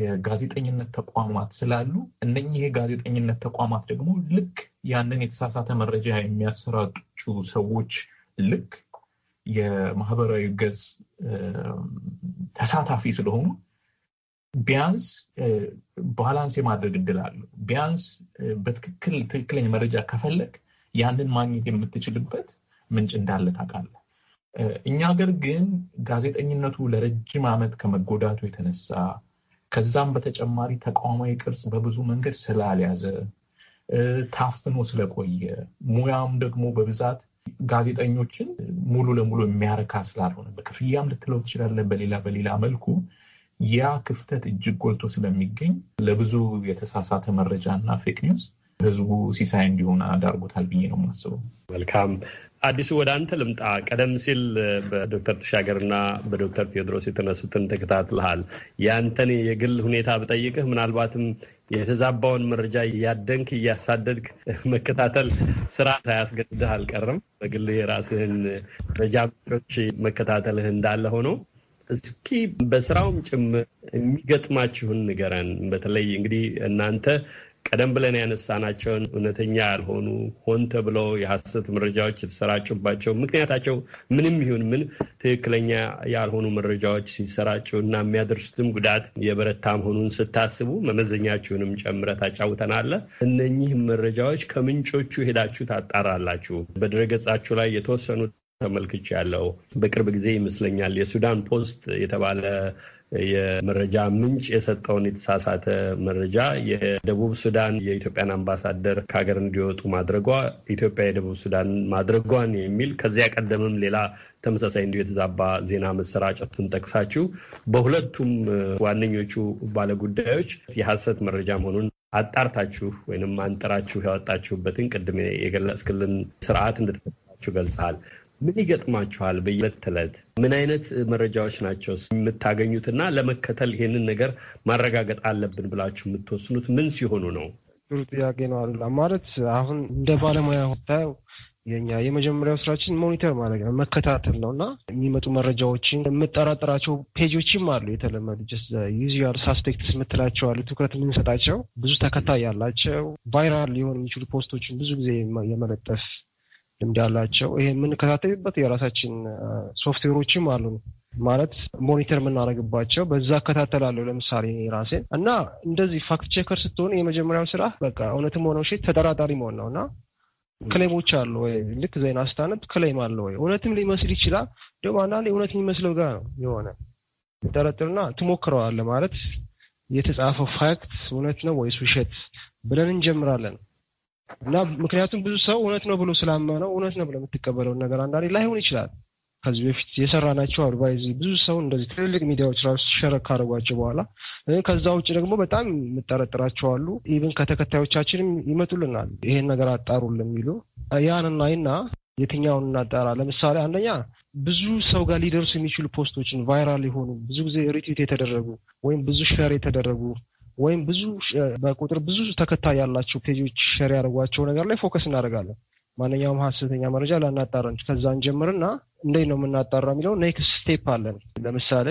የጋዜጠኝነት ተቋማት ስላሉ እነኚህ የጋዜጠኝነት ተቋማት ደግሞ ልክ ያንን የተሳሳተ መረጃ የሚያሰራጩ ሰዎች ልክ የማህበራዊ ገጽ ተሳታፊ ስለሆኑ ቢያንስ ባላንስ የማድረግ እድል አለው። ቢያንስ በትክክል ትክክለኛ መረጃ ከፈለግ ያንን ማግኘት የምትችልበት ምንጭ እንዳለ ታውቃለህ። እኛ ሀገር ግን ጋዜጠኝነቱ ለረጅም ዓመት ከመጎዳቱ የተነሳ ከዛም በተጨማሪ ተቋማዊ ቅርጽ በብዙ መንገድ ስላልያዘ ታፍኖ ስለቆየ ሙያም ደግሞ በብዛት ጋዜጠኞችን ሙሉ ለሙሉ የሚያረካ ስላልሆነ በክፍያም ልትለው ትችላለህ። በሌላ በሌላ መልኩ ያ ክፍተት እጅግ ጎልቶ ስለሚገኝ ለብዙ የተሳሳተ መረጃ እና ፌክ ኒውስ ህዝቡ ሲሳይ እንዲሆን አዳርጎታል ብዬ ነው የማስበው። መልካም አዲሱ ወደ አንተ ልምጣ። ቀደም ሲል በዶክተር ተሻገርና በዶክተር ቴዎድሮስ የተነሱትን ተከታትልሃል። ያንተን የግል ሁኔታ ብጠይቅህ ምናልባትም የተዛባውን መረጃ እያደንክ እያሳደድክ መከታተል ስራ ሳያስገድድህ አልቀርም። በግል የራስህን መረጃ ምንጮች መከታተልህ እንዳለ ሆኖ እስኪ በስራውም ጭምር የሚገጥማችሁን ንገረን። በተለይ እንግዲህ እናንተ ቀደም ብለን ያነሳናቸውን እውነተኛ ያልሆኑ ሆን ተብለው የሐሰት መረጃዎች የተሰራጩባቸው ምክንያታቸው ምንም ይሁን ምን ትክክለኛ ያልሆኑ መረጃዎች ሲሰራጩ እና የሚያደርሱትም ጉዳት የበረታ መሆኑን ስታስቡ መመዘኛችሁንም ጨምረ ታጫውተናለ። እነኚህ መረጃዎች ከምንጮቹ ሄዳችሁ ታጣራላችሁ። በድረገጻችሁ ላይ የተወሰኑ ያለው በቅርብ ጊዜ ይመስለኛል የሱዳን ፖስት የተባለ የመረጃ ምንጭ የሰጠውን የተሳሳተ መረጃ የደቡብ ሱዳን የኢትዮጵያን አምባሳደር ከሀገር እንዲወጡ ማድረጓ ኢትዮጵያ የደቡብ ሱዳን ማድረጓን የሚል ከዚያ ቀደምም ሌላ ተመሳሳይ እንዲሁ የተዛባ ዜና መሰራጨቱን ጠቅሳችሁ በሁለቱም ዋነኞቹ ባለጉዳዮች የሐሰት መረጃ መሆኑን አጣርታችሁ ወይም አንጥራችሁ ያወጣችሁበትን ቅድም የገለጽክልን ስርዓት እንደተከተላችሁ ገልጸሃል። ምን ይገጥማችኋል? በየዕለት ተዕለት ምን አይነት መረጃዎች ናቸው የምታገኙትና ለመከተል ይሄንን ነገር ማረጋገጥ አለብን ብላችሁ የምትወስኑት ምን ሲሆኑ ነው? ጥሩ ጥያቄ ነው አሉላ። ማለት አሁን እንደ ባለሙያ ስታየው የኛ የመጀመሪያው ስራችን ሞኒተር ማድረግ ነው፣ መከታተል ነው እና የሚመጡ መረጃዎችን የምጠራጠራቸው ፔጆችም አሉ። የተለመዱ ዩዝዋል ሳስፔክትስ የምትላቸው አሉ። ትኩረት የምንሰጣቸው ብዙ ተከታይ ያላቸው ቫይራል ሊሆን የሚችሉ ፖስቶችን ብዙ ጊዜ የመለጠፍ ልምድ ያላቸው ይሄ የምንከታተልበት የራሳችን ሶፍትዌሮችም አሉን ማለት ሞኒተር የምናደርግባቸው በዛ እከታተላለሁ። ለምሳሌ ራሴን እና እንደዚህ ፋክት ቼከር ስትሆን የመጀመሪያው ስራ በቃ እውነትም ሆነው ሺት ተጠራጣሪ መሆን ነው እና ክሌሞች አሉ ወይ ልክ ዜና ስታነብ ክሌም አለ ወይ እውነትም ሊመስል ይችላል። ደግሞ አንዳንዴ እውነት የሚመስለው ጋር ነው የሆነ ተጠረጥርና ትሞክረዋለህ ማለት የተጻፈው ፋክት እውነት ነው ወይስ ውሸት ብለን እንጀምራለን። እና ምክንያቱም ብዙ ሰው እውነት ነው ብሎ ስላመነው እውነት ነው ብሎ የምትቀበለውን ነገር አንዳንዴ ላይሆን ይችላል። ከዚህ በፊት የሰራናቸው አድቫይዝ ብዙ ሰው እንደዚህ ትልልቅ ሚዲያዎች ራሱ ሸረክ ካደረጓቸው በኋላ ከዛ ውጭ ደግሞ በጣም የምጠረጥራቸው አሉ። ኢቨን ከተከታዮቻችንም ይመጡልናል ይሄን ነገር አጣሩልን የሚሉ ያንና ይና የትኛውን እናጣራ። ለምሳሌ አንደኛ ብዙ ሰው ጋር ሊደርሱ የሚችሉ ፖስቶችን ቫይራል የሆኑ ብዙ ጊዜ ሪትዊት የተደረጉ ወይም ብዙ ሸር የተደረጉ ወይም ብዙ በቁጥር ብዙ ተከታይ ያላቸው ፔጆች ሸር ያደርጓቸው ነገር ላይ ፎከስ እናደርጋለን። ማንኛውም ሀሰተኛ መረጃ ላናጣራን ከዛ እንጀምርና እንዴት ነው የምናጣራ የሚለው ኔክስት ስቴፕ አለን። ለምሳሌ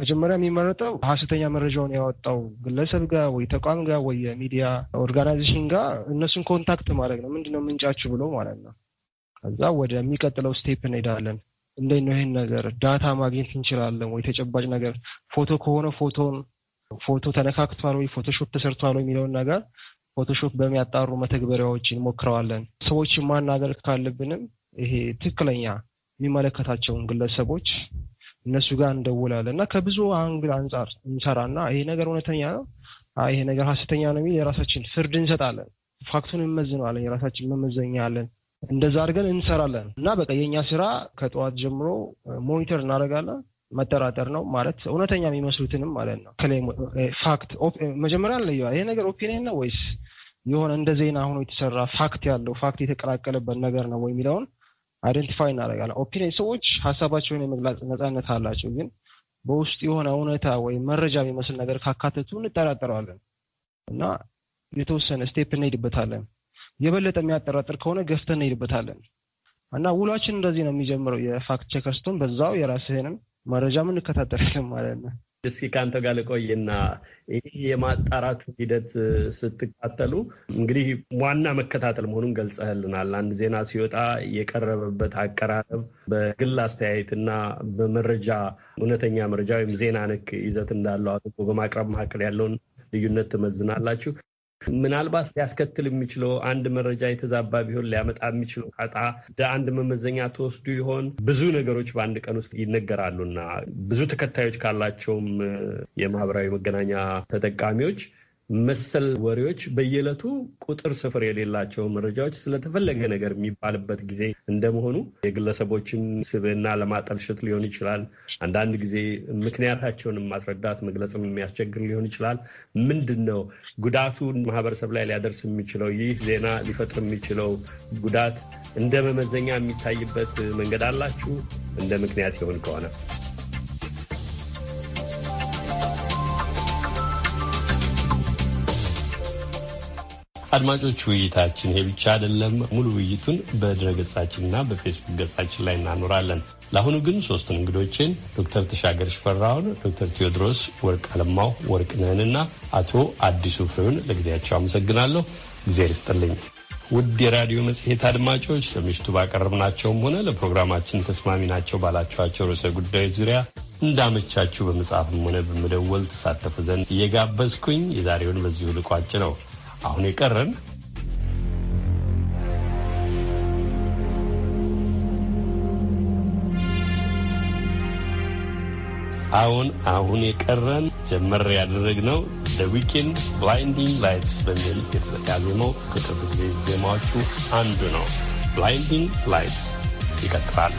መጀመሪያ የሚመረጠው ሀሰተኛ መረጃውን ያወጣው ግለሰብ ጋር ወይ ተቋም ጋር ወይ የሚዲያ ኦርጋናይዜሽን ጋር እነሱን ኮንታክት ማድረግ ነው። ምንድነው ምንጫችሁ ብሎ ማለት ነው። ከዛ የሚቀጥለው ስቴፕ እንሄዳለን። እንዴት ነው ይህን ነገር ዳታ ማግኘት እንችላለን ወይ ተጨባጭ ነገር ፎቶ ከሆነ ፎቶን ፎቶ ተነካክቷል ወይ ፎቶሾፕ ተሰርቷል ወይ የሚለውን ነገር ፎቶሾፕ በሚያጣሩ መተግበሪያዎች እንሞክረዋለን። ሰዎችን ማናገር ካለብንም ይሄ ትክክለኛ የሚመለከታቸውን ግለሰቦች እነሱ ጋር እንደውላለን እና ከብዙ አንግል አንጻር እንሰራና ይሄ ነገር እውነተኛ ነው፣ ይሄ ነገር ሀሰተኛ ነው የሚል የራሳችን ፍርድ እንሰጣለን። ፋክቱን እንመዝነዋለን። የራሳችን መመዘኛ አለን። እንደዛ አድርገን እንሰራለን እና በቃ የእኛ ስራ ከጠዋት ጀምሮ ሞኒተር እናደርጋለን። መጠራጠር ነው ማለት እውነተኛ የሚመስሉትንም ማለት ነው። ፋክት መጀመሪያ ለየ ይሄ ነገር ኦፒኒየን ነው ወይስ የሆነ እንደ ዜና ሆኖ የተሰራ ፋክት ያለው ፋክት የተቀላቀለበት ነገር ነው ወይ የሚለውን አይደንቲፋይ እናደርጋለን። ኦፒኒየን ሰዎች ሀሳባቸውን የመግለጽ ነፃነት አላቸው፣ ግን በውስጡ የሆነ እውነታ ወይም መረጃ የሚመስል ነገር ካካተቱ እንጠራጠረዋለን እና የተወሰነ ስቴፕ እንሄድበታለን። የበለጠ የሚያጠራጥር ከሆነ ገፍተን እንሄድበታለን እና ውሏችን እንደዚህ ነው የሚጀምረው። የፋክት ቼከርስቶን በዛው የራስህንም መረጃም እንከታተላለን ማለት ነው። እስኪ ከአንተ ጋር ልቆይና ይህ የማጣራት ሂደት ስትካተሉ እንግዲህ ዋና መከታተል መሆኑን ገልጸህልናል። አንድ ዜና ሲወጣ የቀረበበት አቀራረብ በግል አስተያየትና በመረጃ እውነተኛ መረጃ ወይም ዜና ነክ ይዘት እንዳለው አድርጎ በማቅረብ መካከል ያለውን ልዩነት ትመዝናላችሁ። ምናልባት ሊያስከትል የሚችለው አንድ መረጃ የተዛባ ቢሆን ሊያመጣ የሚችለው ጣጣ አንድ መመዘኛ ተወስዱ ይሆን? ብዙ ነገሮች በአንድ ቀን ውስጥ ይነገራሉና ብዙ ተከታዮች ካላቸውም የማህበራዊ መገናኛ ተጠቃሚዎች መሰል ወሬዎች በየዕለቱ ቁጥር ስፍር የሌላቸው መረጃዎች ስለተፈለገ ነገር የሚባልበት ጊዜ እንደመሆኑ የግለሰቦችን ስብዕና ለማጠልሸት ሊሆን ይችላል። አንዳንድ ጊዜ ምክንያታቸውንም ማስረዳት መግለጽም የሚያስቸግር ሊሆን ይችላል። ምንድን ነው ጉዳቱ ማህበረሰብ ላይ ሊያደርስ የሚችለው ይህ ዜና ሊፈጥር የሚችለው ጉዳት እንደ መመዘኛ የሚታይበት መንገድ አላችሁ እንደ ምክንያት ይሆን ከሆነ አድማጮች ውይይታችን ይሄ ብቻ አይደለም። ሙሉ ውይይቱን በድረገጻችንና በፌስቡክ ገጻችን ላይ እናኖራለን። ለአሁኑ ግን ሶስቱን እንግዶችን ዶክተር ተሻገር ሽፈራውን፣ ዶክተር ቴዎድሮስ ወርቅ አለማው ወርቅነህንና አቶ አዲሱ ፍሬውን ለጊዜያቸው አመሰግናለሁ። እግዜር ይስጥልኝ። ውድ የራዲዮ መጽሔት አድማጮች ለምሽቱ ባቀረብናቸውም ሆነ ለፕሮግራማችን ተስማሚ ናቸው ባላቸዋቸው ርዕሰ ጉዳዮች ዙሪያ እንዳመቻችሁ በመጽሐፍም ሆነ በመደወል ተሳተፉ ዘንድ እየጋበዝኩኝ የዛሬውን በዚሁ ልቋጭ ነው። አሁን የቀረን አሁን አሁን የቀረን ጀመር ያደረግነው ዘ ዊኬንድ ብላይንዲንግ ላይትስ በሚል የተዘጋዜመው ከቅርብ ጊዜ ዜማዎቹ አንዱ ነው። ብላይንዲንግ ላይትስ ይቀጥላል።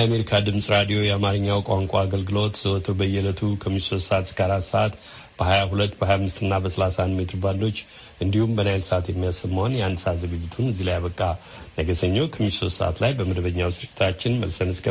የአሜሪካ ድምጽ ራዲዮ የአማርኛው ቋንቋ አገልግሎት ዘወትር በየዕለቱ ከምሽቱ 3 ሰዓት እስከ አራት ሰዓት በ22 በ25 እና በ31 ሜትር ባንዶች እንዲሁም በናይል ሰዓት የሚያሰማውን የአንድ ሰዓት ዝግጅቱን እዚህ ላይ ያበቃ። ነገ ሰኞ ከምሽቱ 3 ሰዓት ላይ በመደበኛው ስርጭታችን መልሰን እስከ